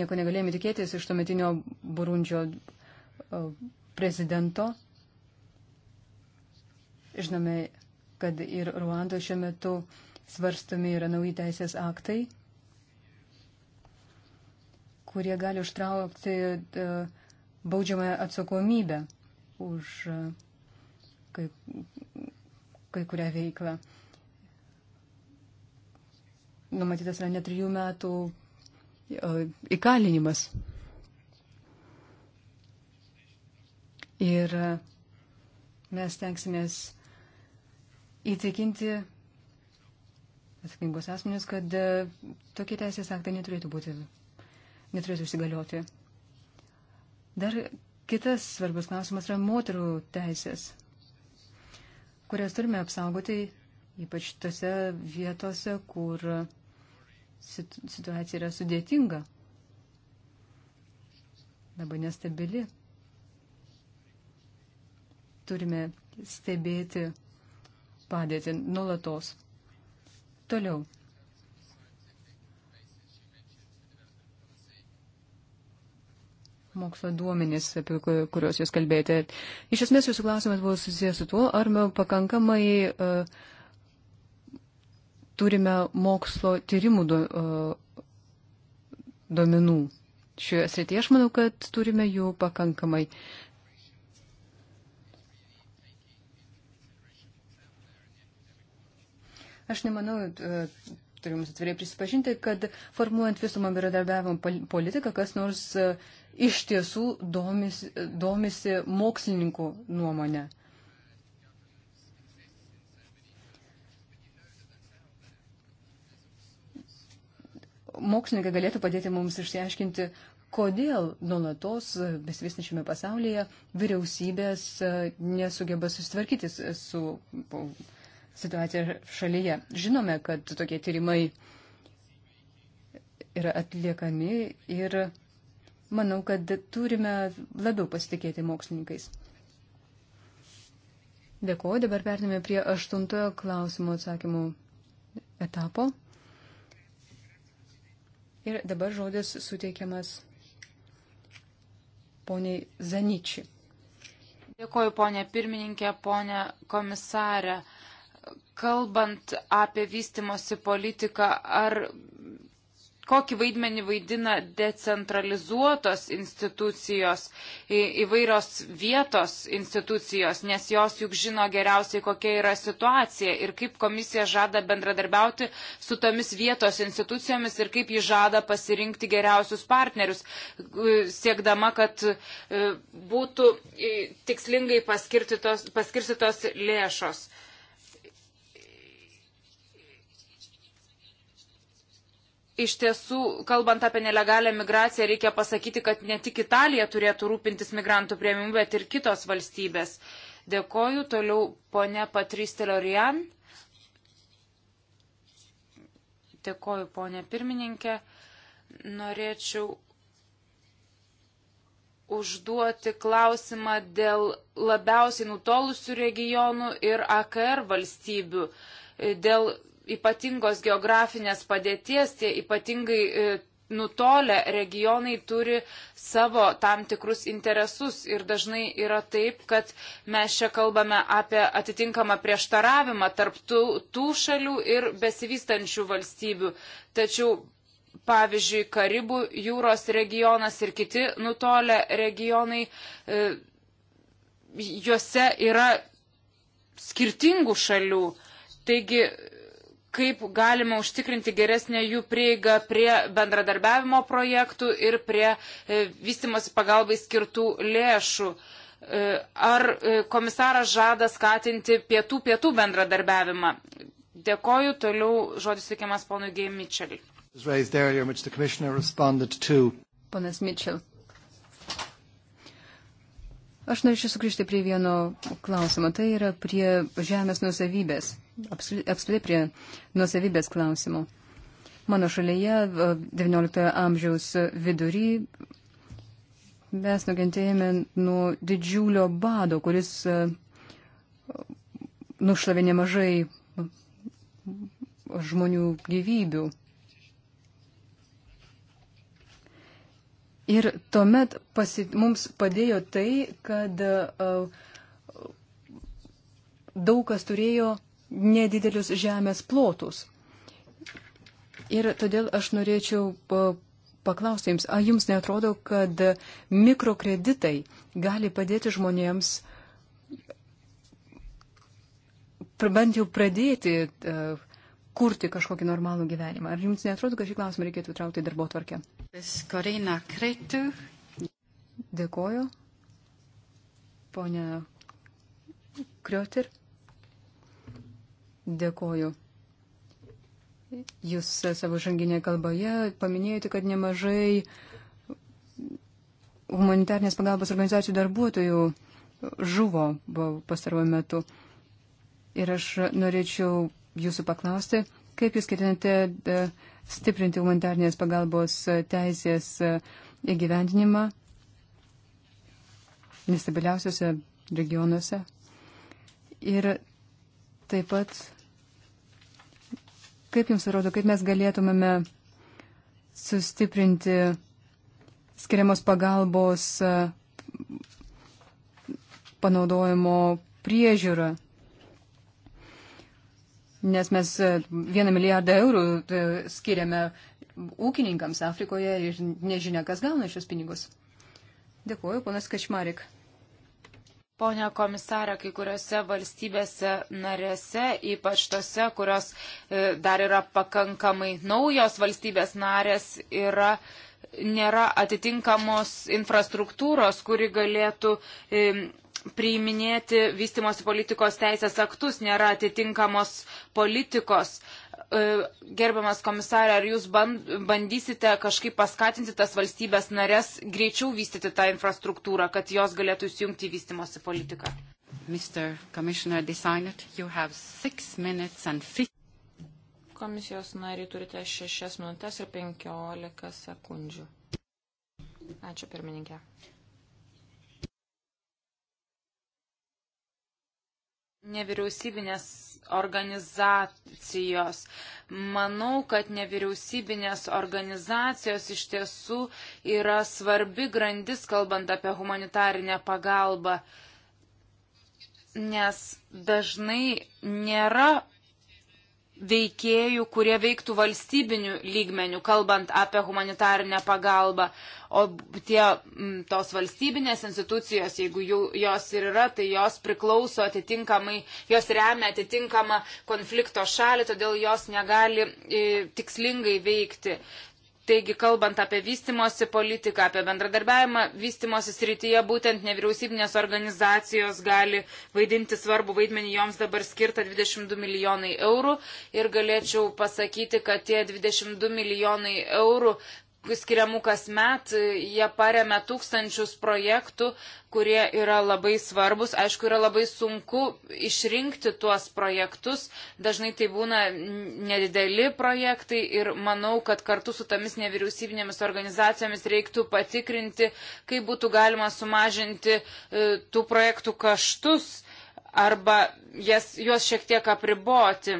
Nieko negalėjome tikėtis iš tuometinio Burundžio e, prezidento. Žinome, kad ir Ruando šiuo metu svarstami yra nauji teisės aktai, kurie gali užtraukti e, baudžiamą atsakomybę už e, kai, kai kurią veiklą. Numatytas yra net trijų metų e, įkalinimas. Uh, Ir e, mes tenksimės įtikinti atsakingus asmenius, kad e, tokie teisės aktai neturėtų būti, neturėtų įsigalioti. Dar kitas svarbus klausimas yra moterų teisės, kurias turime apsaugoti, ypač tose vietose, kur situacija yra sudėtinga, labai nestabili turime stebėti padėtį nulatos. Toliau. mokslo duomenys, apie kuriuos jūs kalbėjote. Iš esmės jūsų klausimas buvo susijęs su tuo, ar pakankamai uh, turime mokslo tyrimų du, uh, e, duomenų. Šioje srityje aš manau, kad turime jų pakankamai. Aš nemanau, e, turiu jums atvirai prisipažinti, kad formuojant visumą bendradarbiavimo politiką, kas nors e, iš tiesų domisi, domisi mokslininkų nuomonę. Mokslininkai galėtų padėti mums išsiaiškinti, kodėl nuolatos besivystančiame pasaulyje vyriausybės e, nesugeba susitvarkyti su situaciją šalyje. Žinome, kad tokie tyrimai yra atliekami ir manau, kad turime labiau pasitikėti mokslininkais. Dėkuoju, dabar perėmėme prie aštuntojo klausimo atsakymų etapo. Ir dabar žodis suteikiamas poniai Zaničiui. Dėkuoju, ponė pirmininkė, ponė komisarė kalbant apie vystimosi politiką, ar kokį vaidmenį vaidina decentralizuotos institucijos, įvairios vietos institucijos, nes jos juk žino geriausiai, kokia yra situacija ir kaip komisija žada bendradarbiauti su tomis vietos institucijomis ir kaip ji žada pasirinkti geriausius partnerius, e, siekdama, kad e, būtų e, tikslingai paskirstytos lėšos. iš tiesų, kalbant apie nelegalią migraciją, reikia pasakyti, kad ne tik Italija turėtų rūpintis migrantų prieimimu, bet ir kitos valstybės. Dėkoju. Toliau ponė Patristelio Rian. Dėkoju, ponė pirmininkė. Norėčiau užduoti klausimą dėl labiausiai nutolusių regionų ir AKR valstybių, dėl ypatingos geografinės padėties, tie ypatingai e, nutolę regionai turi savo tam tikrus interesus ir dažnai yra taip, kad mes čia kalbame apie atitinkamą prieštaravimą tarp tų, tų šalių ir besivystančių valstybių. Tačiau pavyzdžiui, Karibų jūros regionas ir kiti nutolę regionai, e, juose yra skirtingų šalių. Taigi kaip galima užtikrinti geresnę jų prieigą prie bendradarbiavimo projektų ir prie e, vystimosi pagalbai skirtų lėšų. E, ar e, komisaras žada skatinti pietų-pietų bendradarbiavimą? Dėkoju, toliau žodis teikiamas ponui G. Mitchellui. Ponas Mitchell. Aš norėčiau sugrįžti prie vieno klausimo, tai yra prie žemės nusavybės apskritai prie nusavybės klausimų. Mano šalyje XIX amžiaus vidury mes nukentėjome nuo didžiulio bado, kuris e, nušlavė nemažai žmonių gyvybių. Ir tuomet pasi, mums padėjo tai, kad uh, daug kas turėjo nedidelius žemės plotus. Ir todėl aš norėčiau paklausti jums, ar jums netrodo, kad mikrokreditai gali padėti žmonėms bent jau pradėti uh, kurti kažkokį normalų gyvenimą. Ar jums netrodo, kad šį klausimą reikėtų traukti į darbo tvarkę? Dėkoju. Pone Kriotir. Dėkoju. Jūs savo žanginėje kalboje paminėjote, kad nemažai humanitarnės pagalbos organizacijų darbuotojų žuvo pastaruoju metu. Ir aš norėčiau jūsų paklausti, kaip jūs ketinate e, stiprinti humanitarnės pagalbos teisės e, įgyvendinimą nestabiliausiose regionuose. Ir taip pat Kaip Jums atrodo, kaip mes galėtumėme sustiprinti skiriamos pagalbos e, panaudojimo priežiūrą? Nes mes e, vieną milijardą eurų e, skiriame ūkininkams Afrikoje ir nežinia, kas gauna šios pinigus. Dėkuoju, ponas Kašmarik. Pone komisarė, kai kuriuose valstybėse narėse, ypač tose, kurios e, dar yra pakankamai naujos valstybės narės, yra, nėra atitinkamos infrastruktūros, kuri galėtų e, priiminėti vystimosi politikos teisės aktus, nėra atitinkamos politikos. E, gerbiamas komisarė, ar jūs bandysite kažkaip paskatinti tas valstybės narės greičiau vystyti tą infrastruktūrą, kad jos galėtų įsijungti į vystimosi politiką? Mr. Commissioner Designat, you have six minutes and fifty. Komisijos nariai turite šešias minutės ir penkiolika sekundžių. Ačiū pirmininkė. Nevyriausybinės organizacijos. Manau, kad nevyriausybinės organizacijos iš tiesų yra svarbi grandis, kalbant apie humanitarinę pagalbą, nes dažnai nėra veikėjų, kurie veiktų valstybinių lygmenių, kalbant apie humanitarinę pagalbą. O tie, tos valstybinės institucijos, jeigu jų, jos ir yra, tai jos priklauso atitinkamai, jos remia atitinkamą konflikto šalį, todėl jos negali i, tikslingai veikti. Taigi, kalbant apie vystimosi politiką, apie bendradarbiavimą, vystimosi srityje būtent nevyriausybinės organizacijos gali vaidinti svarbu vaidmenį, joms dabar skirta 22 milijonai eurų ir galėčiau pasakyti, kad tie 22 milijonai eurų skiriamų kasmet, jie paremia tūkstančius projektų, kurie yra labai svarbus. Aišku, yra labai sunku išrinkti tuos projektus, dažnai tai būna nedideli projektai ir manau, kad kartu su tomis nevyriausybinėmis organizacijomis reiktų patikrinti, kaip būtų galima sumažinti e, tų projektų kaštus arba jas, juos šiek tiek apriboti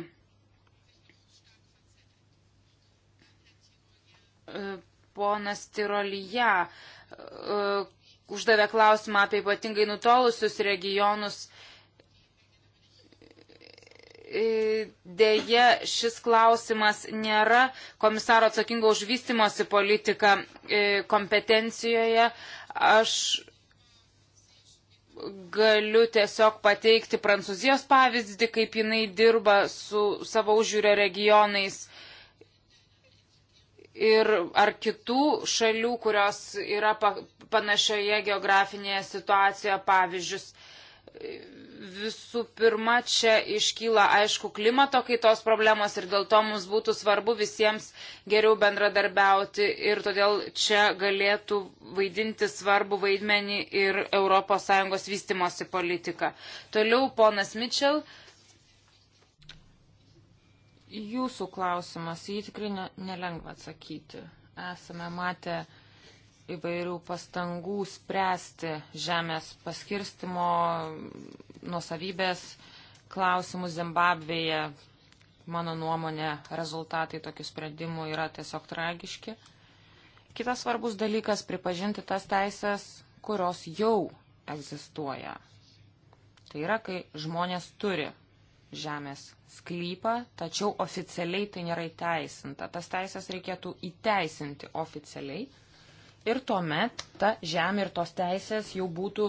e, ponas Tirolyje e, uždavė klausimą apie ypatingai nutolusius regionus. E, deja, šis klausimas nėra komisaro atsakingo už vystimosi politiką e, kompetencijoje. Aš galiu tiesiog pateikti Prancūzijos pavyzdį, kaip jinai dirba su savo užjūrio regionais ir ar kitų šalių, kurios yra panašioje geografinėje situacijoje pavyzdžius. Visų pirma, čia iškyla aišku klimato kaitos problemos ir dėl to mums būtų svarbu visiems geriau bendradarbiauti ir todėl čia galėtų vaidinti svarbu vaidmenį ir ES vystimosi politika. Toliau ponas Mitchell jūsų klausimas, jį tikrai ne, nelengva atsakyti. Esame matę įvairių pastangų spręsti žemės paskirstimo nuosavybės klausimus Zimbabvėje. Mano nuomonė, rezultatai tokių sprendimų yra tiesiog tragiški. Kitas svarbus dalykas - pripažinti tas teisės, kurios jau egzistuoja. Tai yra, kai žmonės turi žemės sklypą, tačiau oficialiai tai nėra įteisinta. Tas teisės reikėtų įteisinti oficialiai ir tuomet ta žemė ir tos teisės jau būtų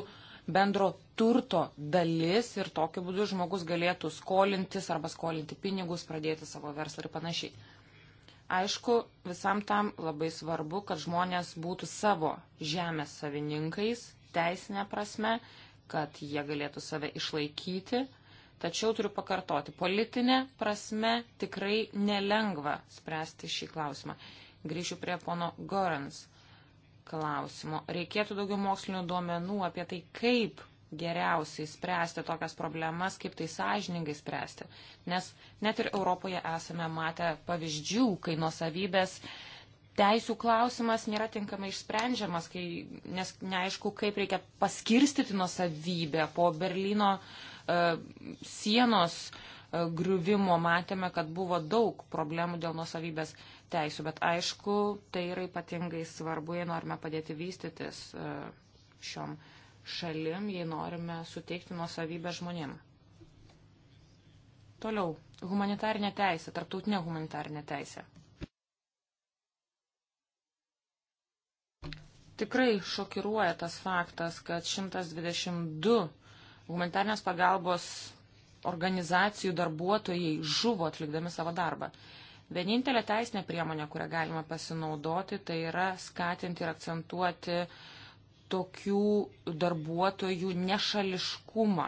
bendro turto dalis ir tokiu būdu žmogus galėtų skolintis arba skolinti pinigus, pradėti savo verslą ir panašiai. Aišku, visam tam labai svarbu, kad žmonės būtų savo žemės savininkais teisinė prasme, kad jie galėtų save išlaikyti Tačiau turiu pakartoti, politinė prasme tikrai nelengva spręsti šį klausimą. Grįšiu prie pono Gorans klausimo. Reikėtų daugiau mokslinio duomenų apie tai, kaip geriausiai spręsti tokias problemas, kaip tai sąžiningai spręsti. Nes net ir Europoje esame matę pavyzdžių, kai nuosavybės teisų klausimas nėra tinkamai išsprendžiamas, kai, nes neaišku, kaip reikia paskirstyti nuosavybę po Berlyno E, sienos e, griuvimo matėme, kad buvo daug problemų dėl nusavybės teisų, bet aišku, tai yra ypatingai svarbu, jei norime padėti vystytis e, šiom šalim, jei norime suteikti nusavybę žmonėm. Toliau, humanitarinė teisė, tarptautinė humanitarinė teisė. Tikrai šokiruoja tas faktas, kad 122 humanitarnės pagalbos organizacijų darbuotojai žuvo atlikdami savo darbą. Vienintelė teisinė priemonė, kurią galima pasinaudoti, tai yra skatinti ir akcentuoti tokių darbuotojų nešališkumą,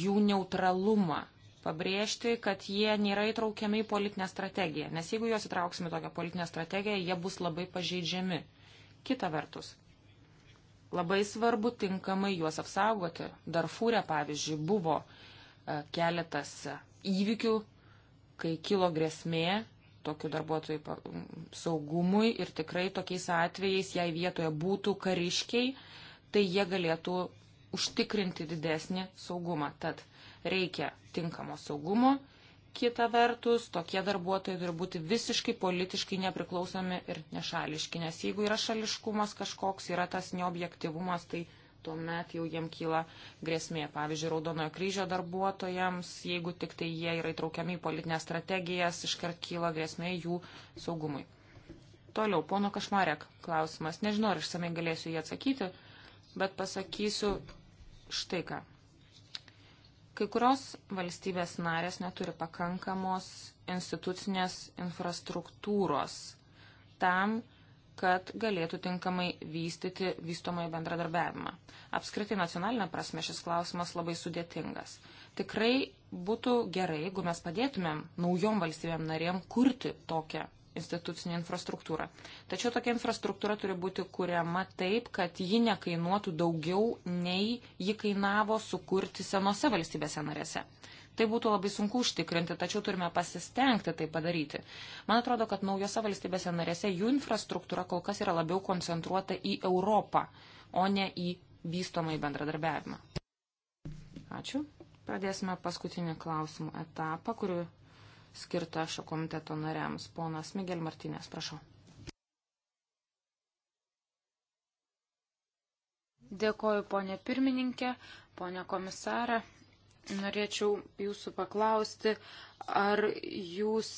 jų neutralumą, pabrėžti, kad jie nėra įtraukiami į politinę strategiją, nes jeigu juos įtrauksime tokią politinę strategiją, jie bus labai pažeidžiami. Kita vertus, Labai svarbu tinkamai juos apsaugoti. Darfūrė, pavyzdžiui, buvo e, keletas įvykių, kai kilo grėsmė tokių darbuotojų saugumui ir tikrai tokiais atvejais, jei vietoje būtų kariškiai, tai jie galėtų užtikrinti didesnį saugumą. Tad reikia tinkamo saugumo, Kita vertus, tokie darbuotojai turi būti visiškai politiškai nepriklausomi ir nešališki, nes jeigu yra šališkumas kažkoks, yra tas neobjektivumas, tai tuomet jau jiem kyla grėsmė. Pavyzdžiui, Raudonojo kryžio darbuotojams, jeigu tik tai jie yra įtraukiami į politinės strategijas, iškart kyla grėsmė jų saugumui. Toliau, pono Kašmarek klausimas. Nežinau, ar išsamei galėsiu jį atsakyti, bet pasakysiu štai ką Kai kurios valstybės narės neturi pakankamos institucinės infrastruktūros tam, kad galėtų tinkamai vystyti vystomąjį bendradarbiavimą. Apskritai nacionalinė prasme šis klausimas labai sudėtingas. Tikrai būtų gerai, jeigu mes padėtumėm naujom valstybėm narėm kurti tokią institucinę infrastruktūrą. Tačiau tokia infrastruktūra turi būti kuriama taip, kad ji nekainuotų daugiau, nei ji kainavo sukurti senose valstybėse narėse. Tai būtų labai sunku užtikrinti, tačiau turime pasistengti tai padaryti. Man atrodo, kad naujose valstybėse narėse jų infrastruktūra kol kas yra labiau koncentruota į Europą, o ne į vystomą į bendradarbiavimą. Ačiū. Pradėsime paskutinį klausimų etapą, kuriuo skirta šio komiteto nariams. Ponas Miguel Martinės, prašau. Dėkoju, ponė pirmininkė, ponė komisarė. Norėčiau jūsų paklausti, ar jūs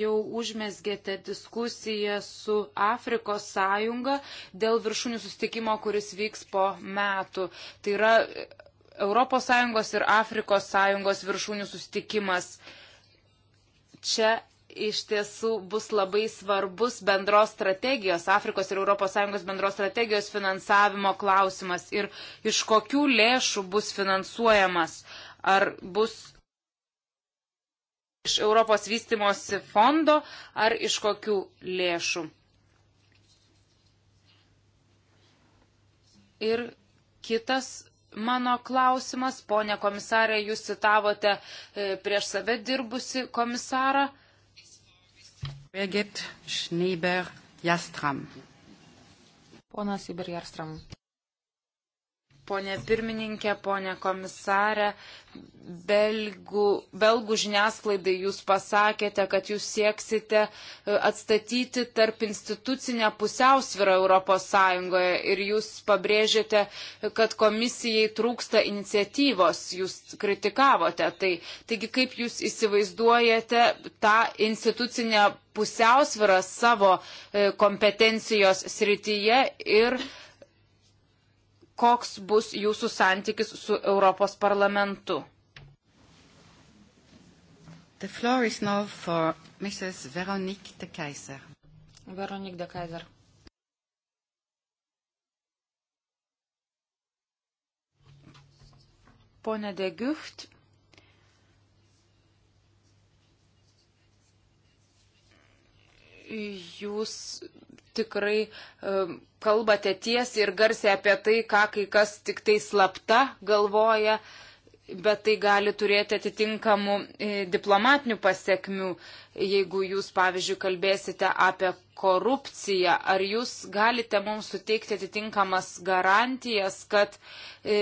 jau užmesgėte diskusiją su Afrikos sąjunga dėl viršūnių sustikimo, kuris vyks po metų. Tai yra ES ir Afrikos sąjungos viršūnių sustikimas. Uh, čia iš tiesų bus labai svarbus bendros strategijos, Afrikos ir ES bendros strategijos finansavimo klausimas ir iš kokių lėšų bus finansuojamas. Ar bus iš Europos vystimosi fondo, ar iš kokių lėšų. Ir kitas mano klausimas. Pone komisarė, jūs citavote e, prieš save dirbusi komisarą. Birgit Schneiber-Jastram. Ponas Iber Jastram. Pone pirmininkė, pone komisarė, belgų, belgų žiniasklaidai jūs pasakėte, kad jūs sieksite e, atstatyti tarp institucinę pusiausvyrą ES ir jūs pabrėžėte, kad komisijai trūksta iniciatyvos, jūs kritikavote. Tai, taigi kaip jūs įsivaizduojate tą institucinę pusiausvyrą savo e, kompetencijos srityje ir koks bus jūsų santykis su Europos parlamentu. The floor is now for Mrs. Veronique de Kaiser. Veronique de Kaiser. Pone de Gucht, jūs tikrai um, kalbate tiesiai ir garsiai apie tai, ką kai kas tik tai slapta galvoja, bet tai gali turėti atitinkamų e, diplomatinių pasiekmių, jeigu jūs, pavyzdžiui, kalbėsite apie korupciją. Ar jūs galite mums suteikti atitinkamas garantijas, kad e,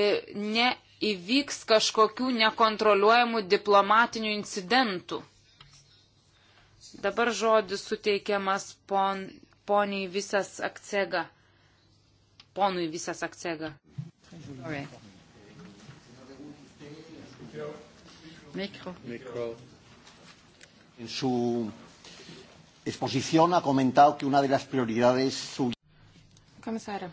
neįvyks kažkokių nekontroliuojamų diplomatinių incidentų? Dabar žodis suteikiamas pon, poniai visas akcega. Ponui visas akcega. Right. Micro. Micro. En su exposición ha comentado que una de las prioridades suyas. Komisarė,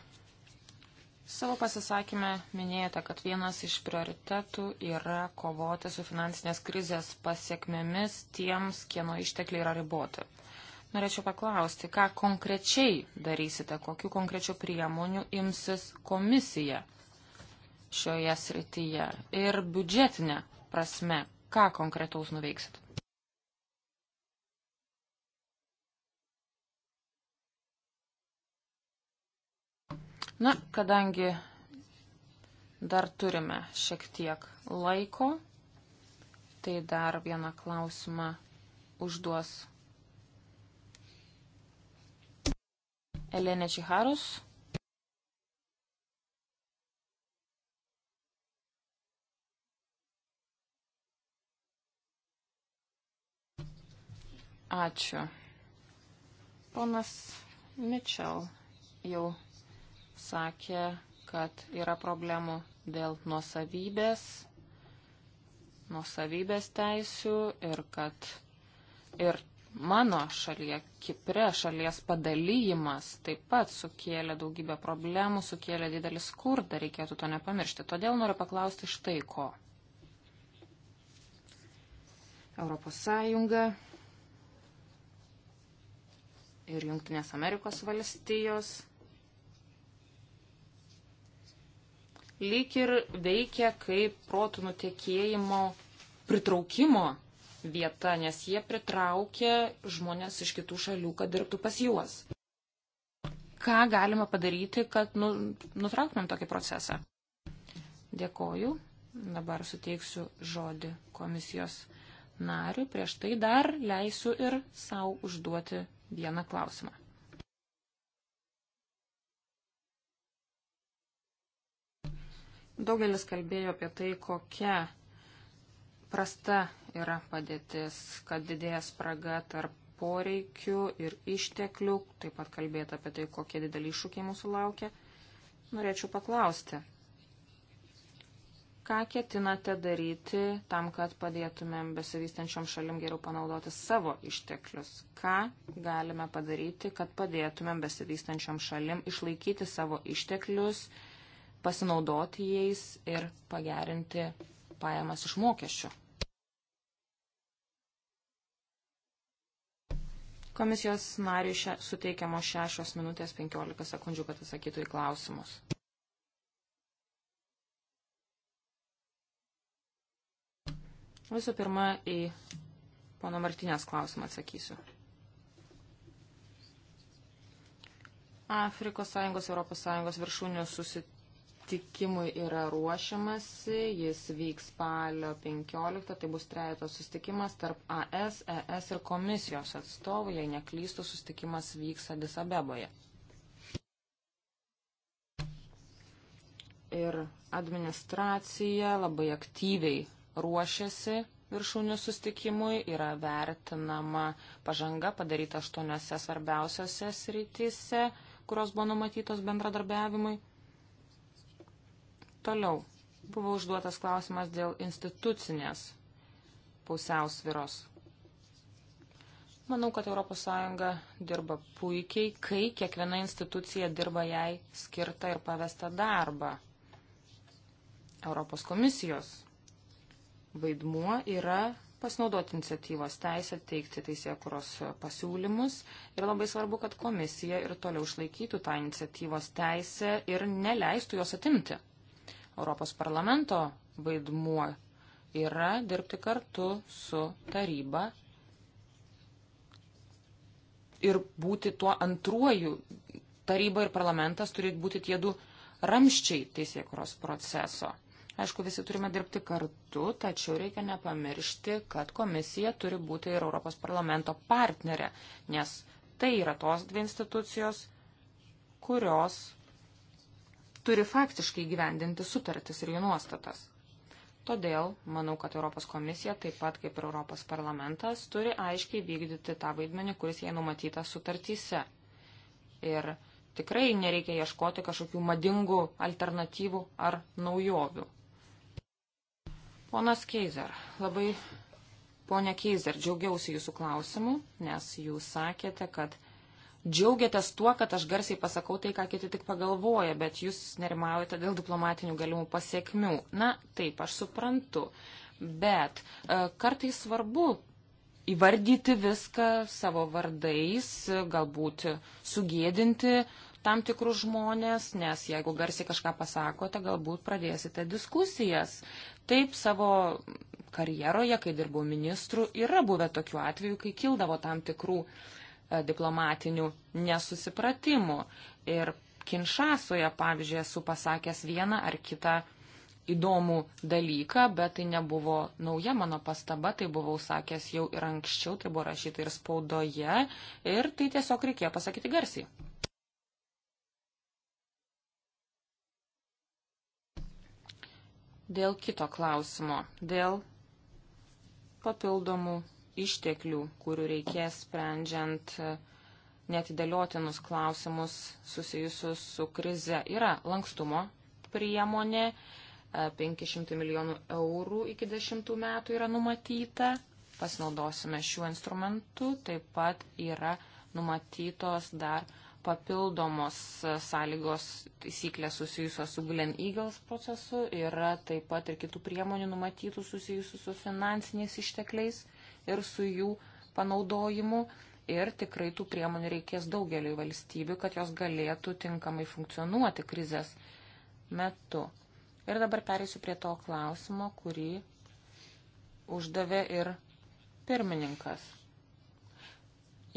savo pasisakymę minėjote, kad vienas iš prioritetų yra kovoti su finansinės krizės pasiekmėmis tiems, kieno ištekliai yra riboti. Norėčiau paklausti, ką konkrečiai darysite, kokiu konkrečiu priemoniu imsis komisija šioje srityje ir biudžetinė prasme, ką konkretaus nuveiksit. Na, kadangi dar turime šiek tiek laiko, tai dar vieną klausimą užduos Ελένε Τσιχάρος. Ačiū. Ponas Mitchell jau sakė, kad yra problemų dėl nuosavybės, nuosavybės teisių ir kad ir Mano šalyje, Kipre, šalies padalyjimas taip pat sukėlė daugybę problemų, sukėlė didelį skurdą, reikėtų to nepamiršti. Todėl noriu paklausti štai ko. Europos Sąjunga ir Junktinės Amerikos valstijos lyg ir veikia kaip protų nutekėjimo pritraukimo vieta, nes jie pritraukia žmonės iš kitų šalių, kad dirbtų pas juos. Ką galima padaryti, kad nu, nutrauktumėm tokį procesą? Dėkoju. Dabar suteiksiu žodį komisijos nariui. Prieš tai dar leisiu ir savo užduoti vieną klausimą. Daugelis kalbėjo apie tai, kokia prasta yra padėtis, kad didėja spraga tarp poreikių ir išteklių, taip pat kalbėti apie tai, kokie dideli iššūkiai mūsų laukia, norėčiau paklausti, ką ketinate daryti tam, kad padėtumėm besivystančiom šalim geriau panaudoti savo išteklius? Ką galime padaryti, kad padėtumėm besivystančiom šalim išlaikyti savo išteklius, pasinaudoti jais ir pagerinti pajamas iš mokesčių? Komisijos nariui še, suteikiamos 6 minutės 15 sekundžių, kad atsakytų į klausimus. Visų pirma, į pono Martinės klausimą atsakysiu. Afrikos Sąjungos, Europos Sąjungos viršūnių susitikimą susitikimui yra ruošiamasi, jis vyks spalio 15, tai bus trejato susitikimas tarp AS, ES ir komisijos atstovų, jei neklystų, susitikimas vyks Adisabeboje. Ir administracija labai aktyviai ruošiasi viršūnių sustikimui, yra vertinama pažanga padaryta aštuoniuose svarbiausiose srityse, kurios buvo numatytos bendradarbiavimui. Toliau buvo užduotas klausimas dėl institucinės pusiausviros. Manau, kad ES dirba puikiai, kai kiekviena institucija dirba jai skirtą ir pavestą darbą. Europos komisijos vaidmuo yra pasinaudoti iniciatyvos teisę, teikti teisėkuros pasiūlymus ir labai svarbu, kad komisija ir toliau išlaikytų tą iniciatyvos teisę ir neleistų jos atimti. Europos parlamento vaidmuo yra dirbti kartu su taryba ir būti tuo antruoju. Taryba ir parlamentas turi būti tie du ramščiai teisėkuros proceso. Aišku, visi turime dirbti kartu, tačiau reikia nepamiršti, kad komisija turi būti ir Europos parlamento partnerė, nes tai yra tos dvi institucijos, kurios turi faktiškai gyvendinti sutartis ir jų nuostatas. Todėl manau, kad Europos komisija, taip pat kaip ir Europos parlamentas, turi aiškiai vykdyti tą vaidmenį, kuris jai numatytas sutartyse. Ir tikrai nereikia ieškoti kažkokių madingų alternatyvų ar naujovių. Ponas Keizer, labai Pone Keizer, džiaugiausi jūsų klausimu, nes jūs sakėte, kad džiaugiatės tuo, kad aš garsiai pasakau tai, ką kiti tik pagalvoja, bet jūs nerimaujate dėl diplomatinių galimų pasiekmių. Na, taip, aš suprantu, bet e, kartais svarbu įvardyti viską savo vardais, galbūt sugėdinti tam tikrus žmonės, nes jeigu garsiai kažką pasakote, galbūt pradėsite diskusijas. Taip savo karjeroje, kai dirbau ministru, yra buvę tokių atvejų, kai kildavo tam tikrų uh, E, diplomatinių nesusipratimų. Ir Kinšasoje, pavyzdžiui, esu pasakęs vieną ar kitą įdomų dalyką, bet tai nebuvo nauja mano pastaba, tai buvau sakęs jau ir anksčiau, tai buvo rašyta ir spaudoje, ir tai tiesiog reikėjo pasakyti garsiai. Dėl kito klausimo, dėl papildomų išteklių, kurių reikės sprendžiant e, netidėliotinus klausimus susijusius su krize. Yra lankstumo priemonė, 500 e, milijonų eurų iki 10 metų yra numatyta, pasinaudosime šiuo instrumentu, taip pat yra numatytos dar papildomos e, sąlygos taisyklės susijusios su Glen Eagles procesu, yra taip pat ir kitų priemonių numatytų susijusių su finansiniais ištekliais ir su jų panaudojimu. Ir tikrai tų priemonių reikės daugeliu valstybių, kad jos galėtų tinkamai funkcionuoti krizės metu. Ir dabar perėsiu prie to klausimo, kurį uždavė ir pirmininkas.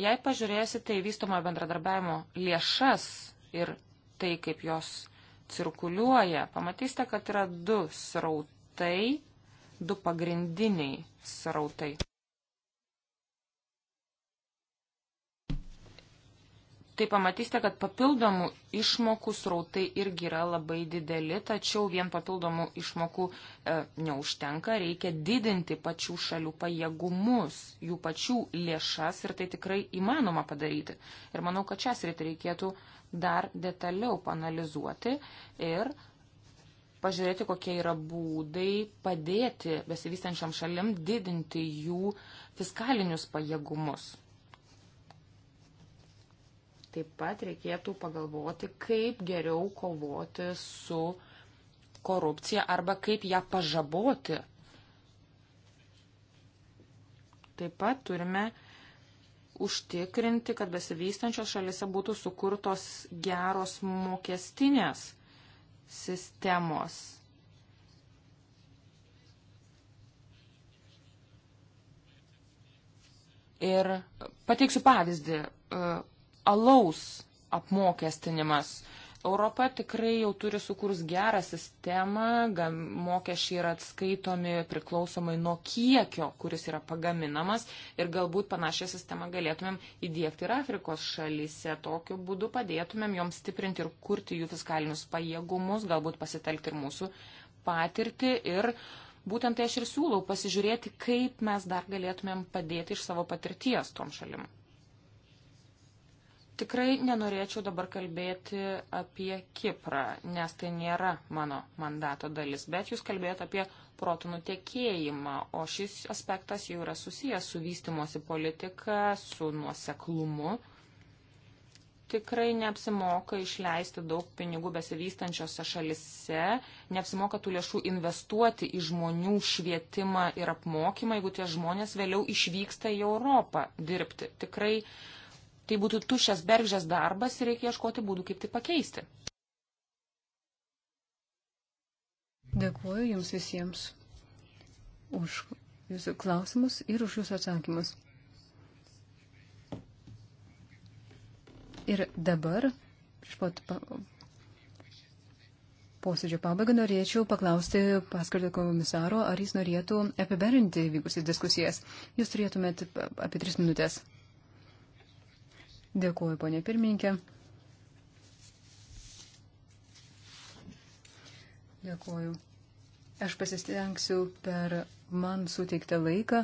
Jei pažiūrėsite į vystomo bendradarbiavimo lėšas ir tai, kaip jos cirkuliuoja, pamatysite, kad yra du srautai, du pagrindiniai srautai. tai pamatysite, kad papildomų išmokų srautai irgi yra labai dideli, tačiau vien papildomų išmokų e, neužtenka, reikia didinti pačių šalių pajėgumus, jų pačių lėšas ir tai tikrai įmanoma padaryti. Ir manau, kad šią sritį reikėtų dar detaliau panalizuoti ir pažiūrėti, kokie yra būdai padėti besivystančiam šalim didinti jų fiskalinius pajėgumus. Taip pat reikėtų pagalvoti, kaip geriau kovoti su korupcija arba kaip ją pažaboti. Taip pat turime užtikrinti, kad besivystančios šalise būtų sukurtos geros mokestinės sistemos. Ir pateiksiu pavyzdį. E, alaus apmokestinimas. Europa tikrai jau turi sukurs gerą sistemą, mokesčiai yra atskaitomi priklausomai nuo kiekio, kuris yra pagaminamas ir galbūt panašią sistemą galėtumėm įdėkti ir Afrikos šalyse. Tokiu būdu padėtumėm joms stiprinti ir kurti jų fiskalinius pajėgumus, galbūt pasitelkti ir mūsų patirtį ir būtent tai aš ir siūlau pasižiūrėti, kaip mes dar galėtumėm padėti iš savo patirties tom šalim. Tikrai nenorėčiau dabar kalbėti apie Kiprą, nes tai nėra mano mandato dalis, bet jūs kalbėjote apie protų nutekėjimą, o šis aspektas jau yra susijęs su vystimosi politika, su nuoseklumu. Tikrai neapsimoka išleisti daug pinigų besivystančiose šalise, neapsimoka tų lėšų investuoti į žmonių švietimą ir apmokymą, jeigu tie žmonės vėliau išvyksta į Europą dirbti. Tikrai uh, tai būtų tušęs bergžės darbas ir reikia ieškoti būdų, kaip tai pakeisti. Dėkuoju Jums visiems už Jūsų klausimus ir už Jūsų atsakymus. Ir dabar, prieš pat posėdžio pabaigą, norėčiau paklausti paskardo komisaro, ar jis norėtų apibendrinti vykusias diskusijas. Jūs turėtumėte apie tris minutės. Dėkuoju, ponė pirmininkė. Dėkuoju. Aš pasistengsiu per man suteiktą laiką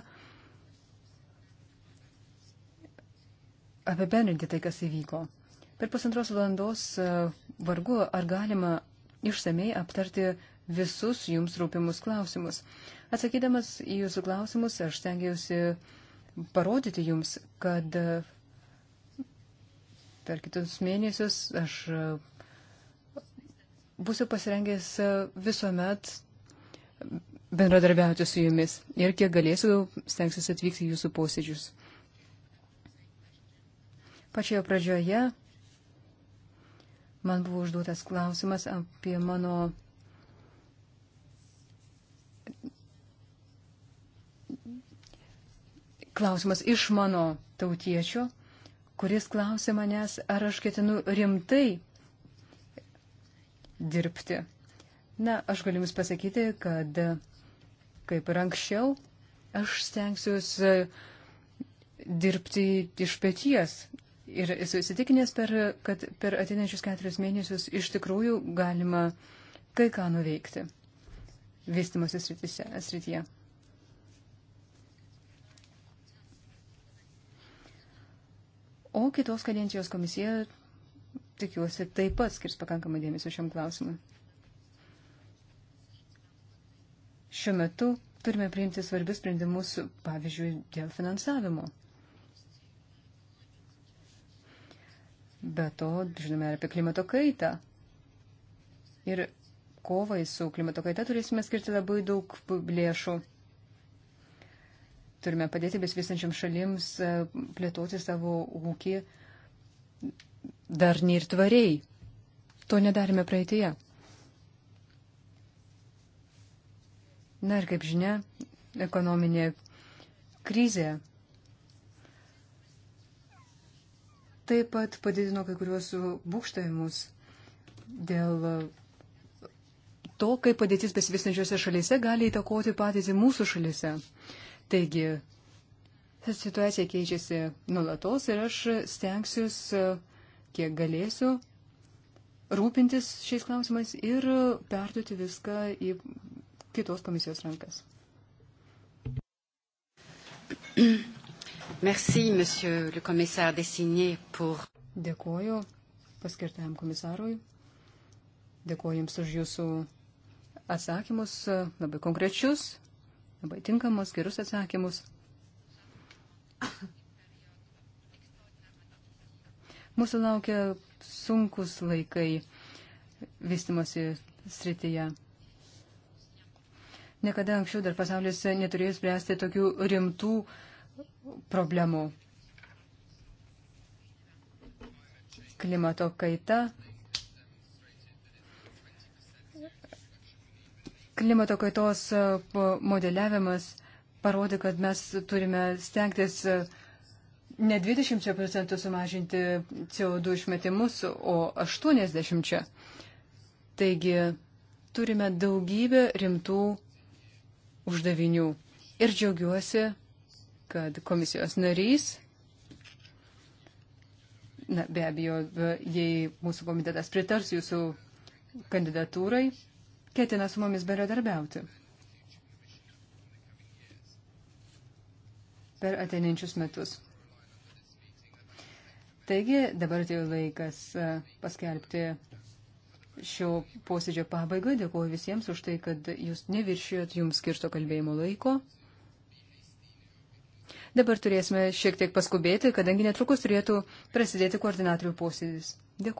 apibendrinti tai, kas įvyko. Per pusantros valandos e, vargu ar galima išsamei aptarti visus jums rūpimus klausimus. Atsakydamas į jūsų klausimus, aš stengiausi parodyti jums, kad per kitus mėnesius aš e, būsiu pasirengęs e, visuomet bendradarbiauti su jumis ir kiek galėsiu, stengsiuosi atvykti į jūsų posėdžius. Pačioje pradžioje man buvo užduotas klausimas apie mano klausimas iš mano tautiečio kuris klausė manęs, ar aš ketinu rimtai dirbti. Na, aš galiu Jums pasakyti, kad kaip ir anksčiau, aš stengsiuosi dirbti iš pėties. Ir esu įsitikinęs, per, kad per ateinančius keturis mėnesius iš tikrųjų galima kai ką nuveikti vystimosi srityje. O kitos kadencijos komisija, tikiuosi, taip pat skirs pakankamai dėmesio šiam klausimui. Šiuo metu turime priimti svarbius sprendimus, pavyzdžiui, dėl finansavimo. Be to, žinome ir apie klimato kaitą. Ir kovai su klimato kaita turėsime skirti labai daug lėšų. Turime padėti besvystančiam šalims e, plėtoti savo ūkį darniai ir tvariai. To nedarėme praeitėje. Na ir kaip žinia, ekonominė krizė taip pat padidino kai kuriuos būkštavimus dėl to, kaip padėtis besivystančiose šalyse gali įtakoti patys mūsų šalyse. Taigi, situacija keičiasi nulatos ir aš stengsiuos, kiek galėsiu, rūpintis šiais klausimais ir perduoti viską į kitos komisijos rankas. Merci, monsieur le commissaire Designé, pour. Dėkoju paskirtajam komisarui. Dėkoju Jums už Jūsų atsakymus, labai konkrečius, labai tinkamus, gerus atsakymus. Mūsų laukia sunkus laikai vystimosi srityje. Niekada anksčiau dar pasaulis neturėjo spręsti tokių rimtų problemų. Klimato kaita, klimato kaitos e, modeliavimas parodė, kad mes turime stengtis e, ne 20 procentų sumažinti CO2 išmetimus, o 80. Taigi turime daugybę rimtų uždavinių. Ir džiaugiuosi, kad komisijos narys, na be abejo, e, jei mūsų komitetas pritars jūsų kandidatūrai, ketina su mumis bendradarbiauti. per ateinančius metus. Taigi dabar atėjo laikas e, paskelbti šio posėdžio pabaigą. Dėkuoju visiems už tai, kad jūs neviršijot jums skirto kalbėjimo laiko. Dabar turėsime šiek tiek paskubėti, kadangi netrukus turėtų prasidėti koordinatorių posėdis. Dėkuoju.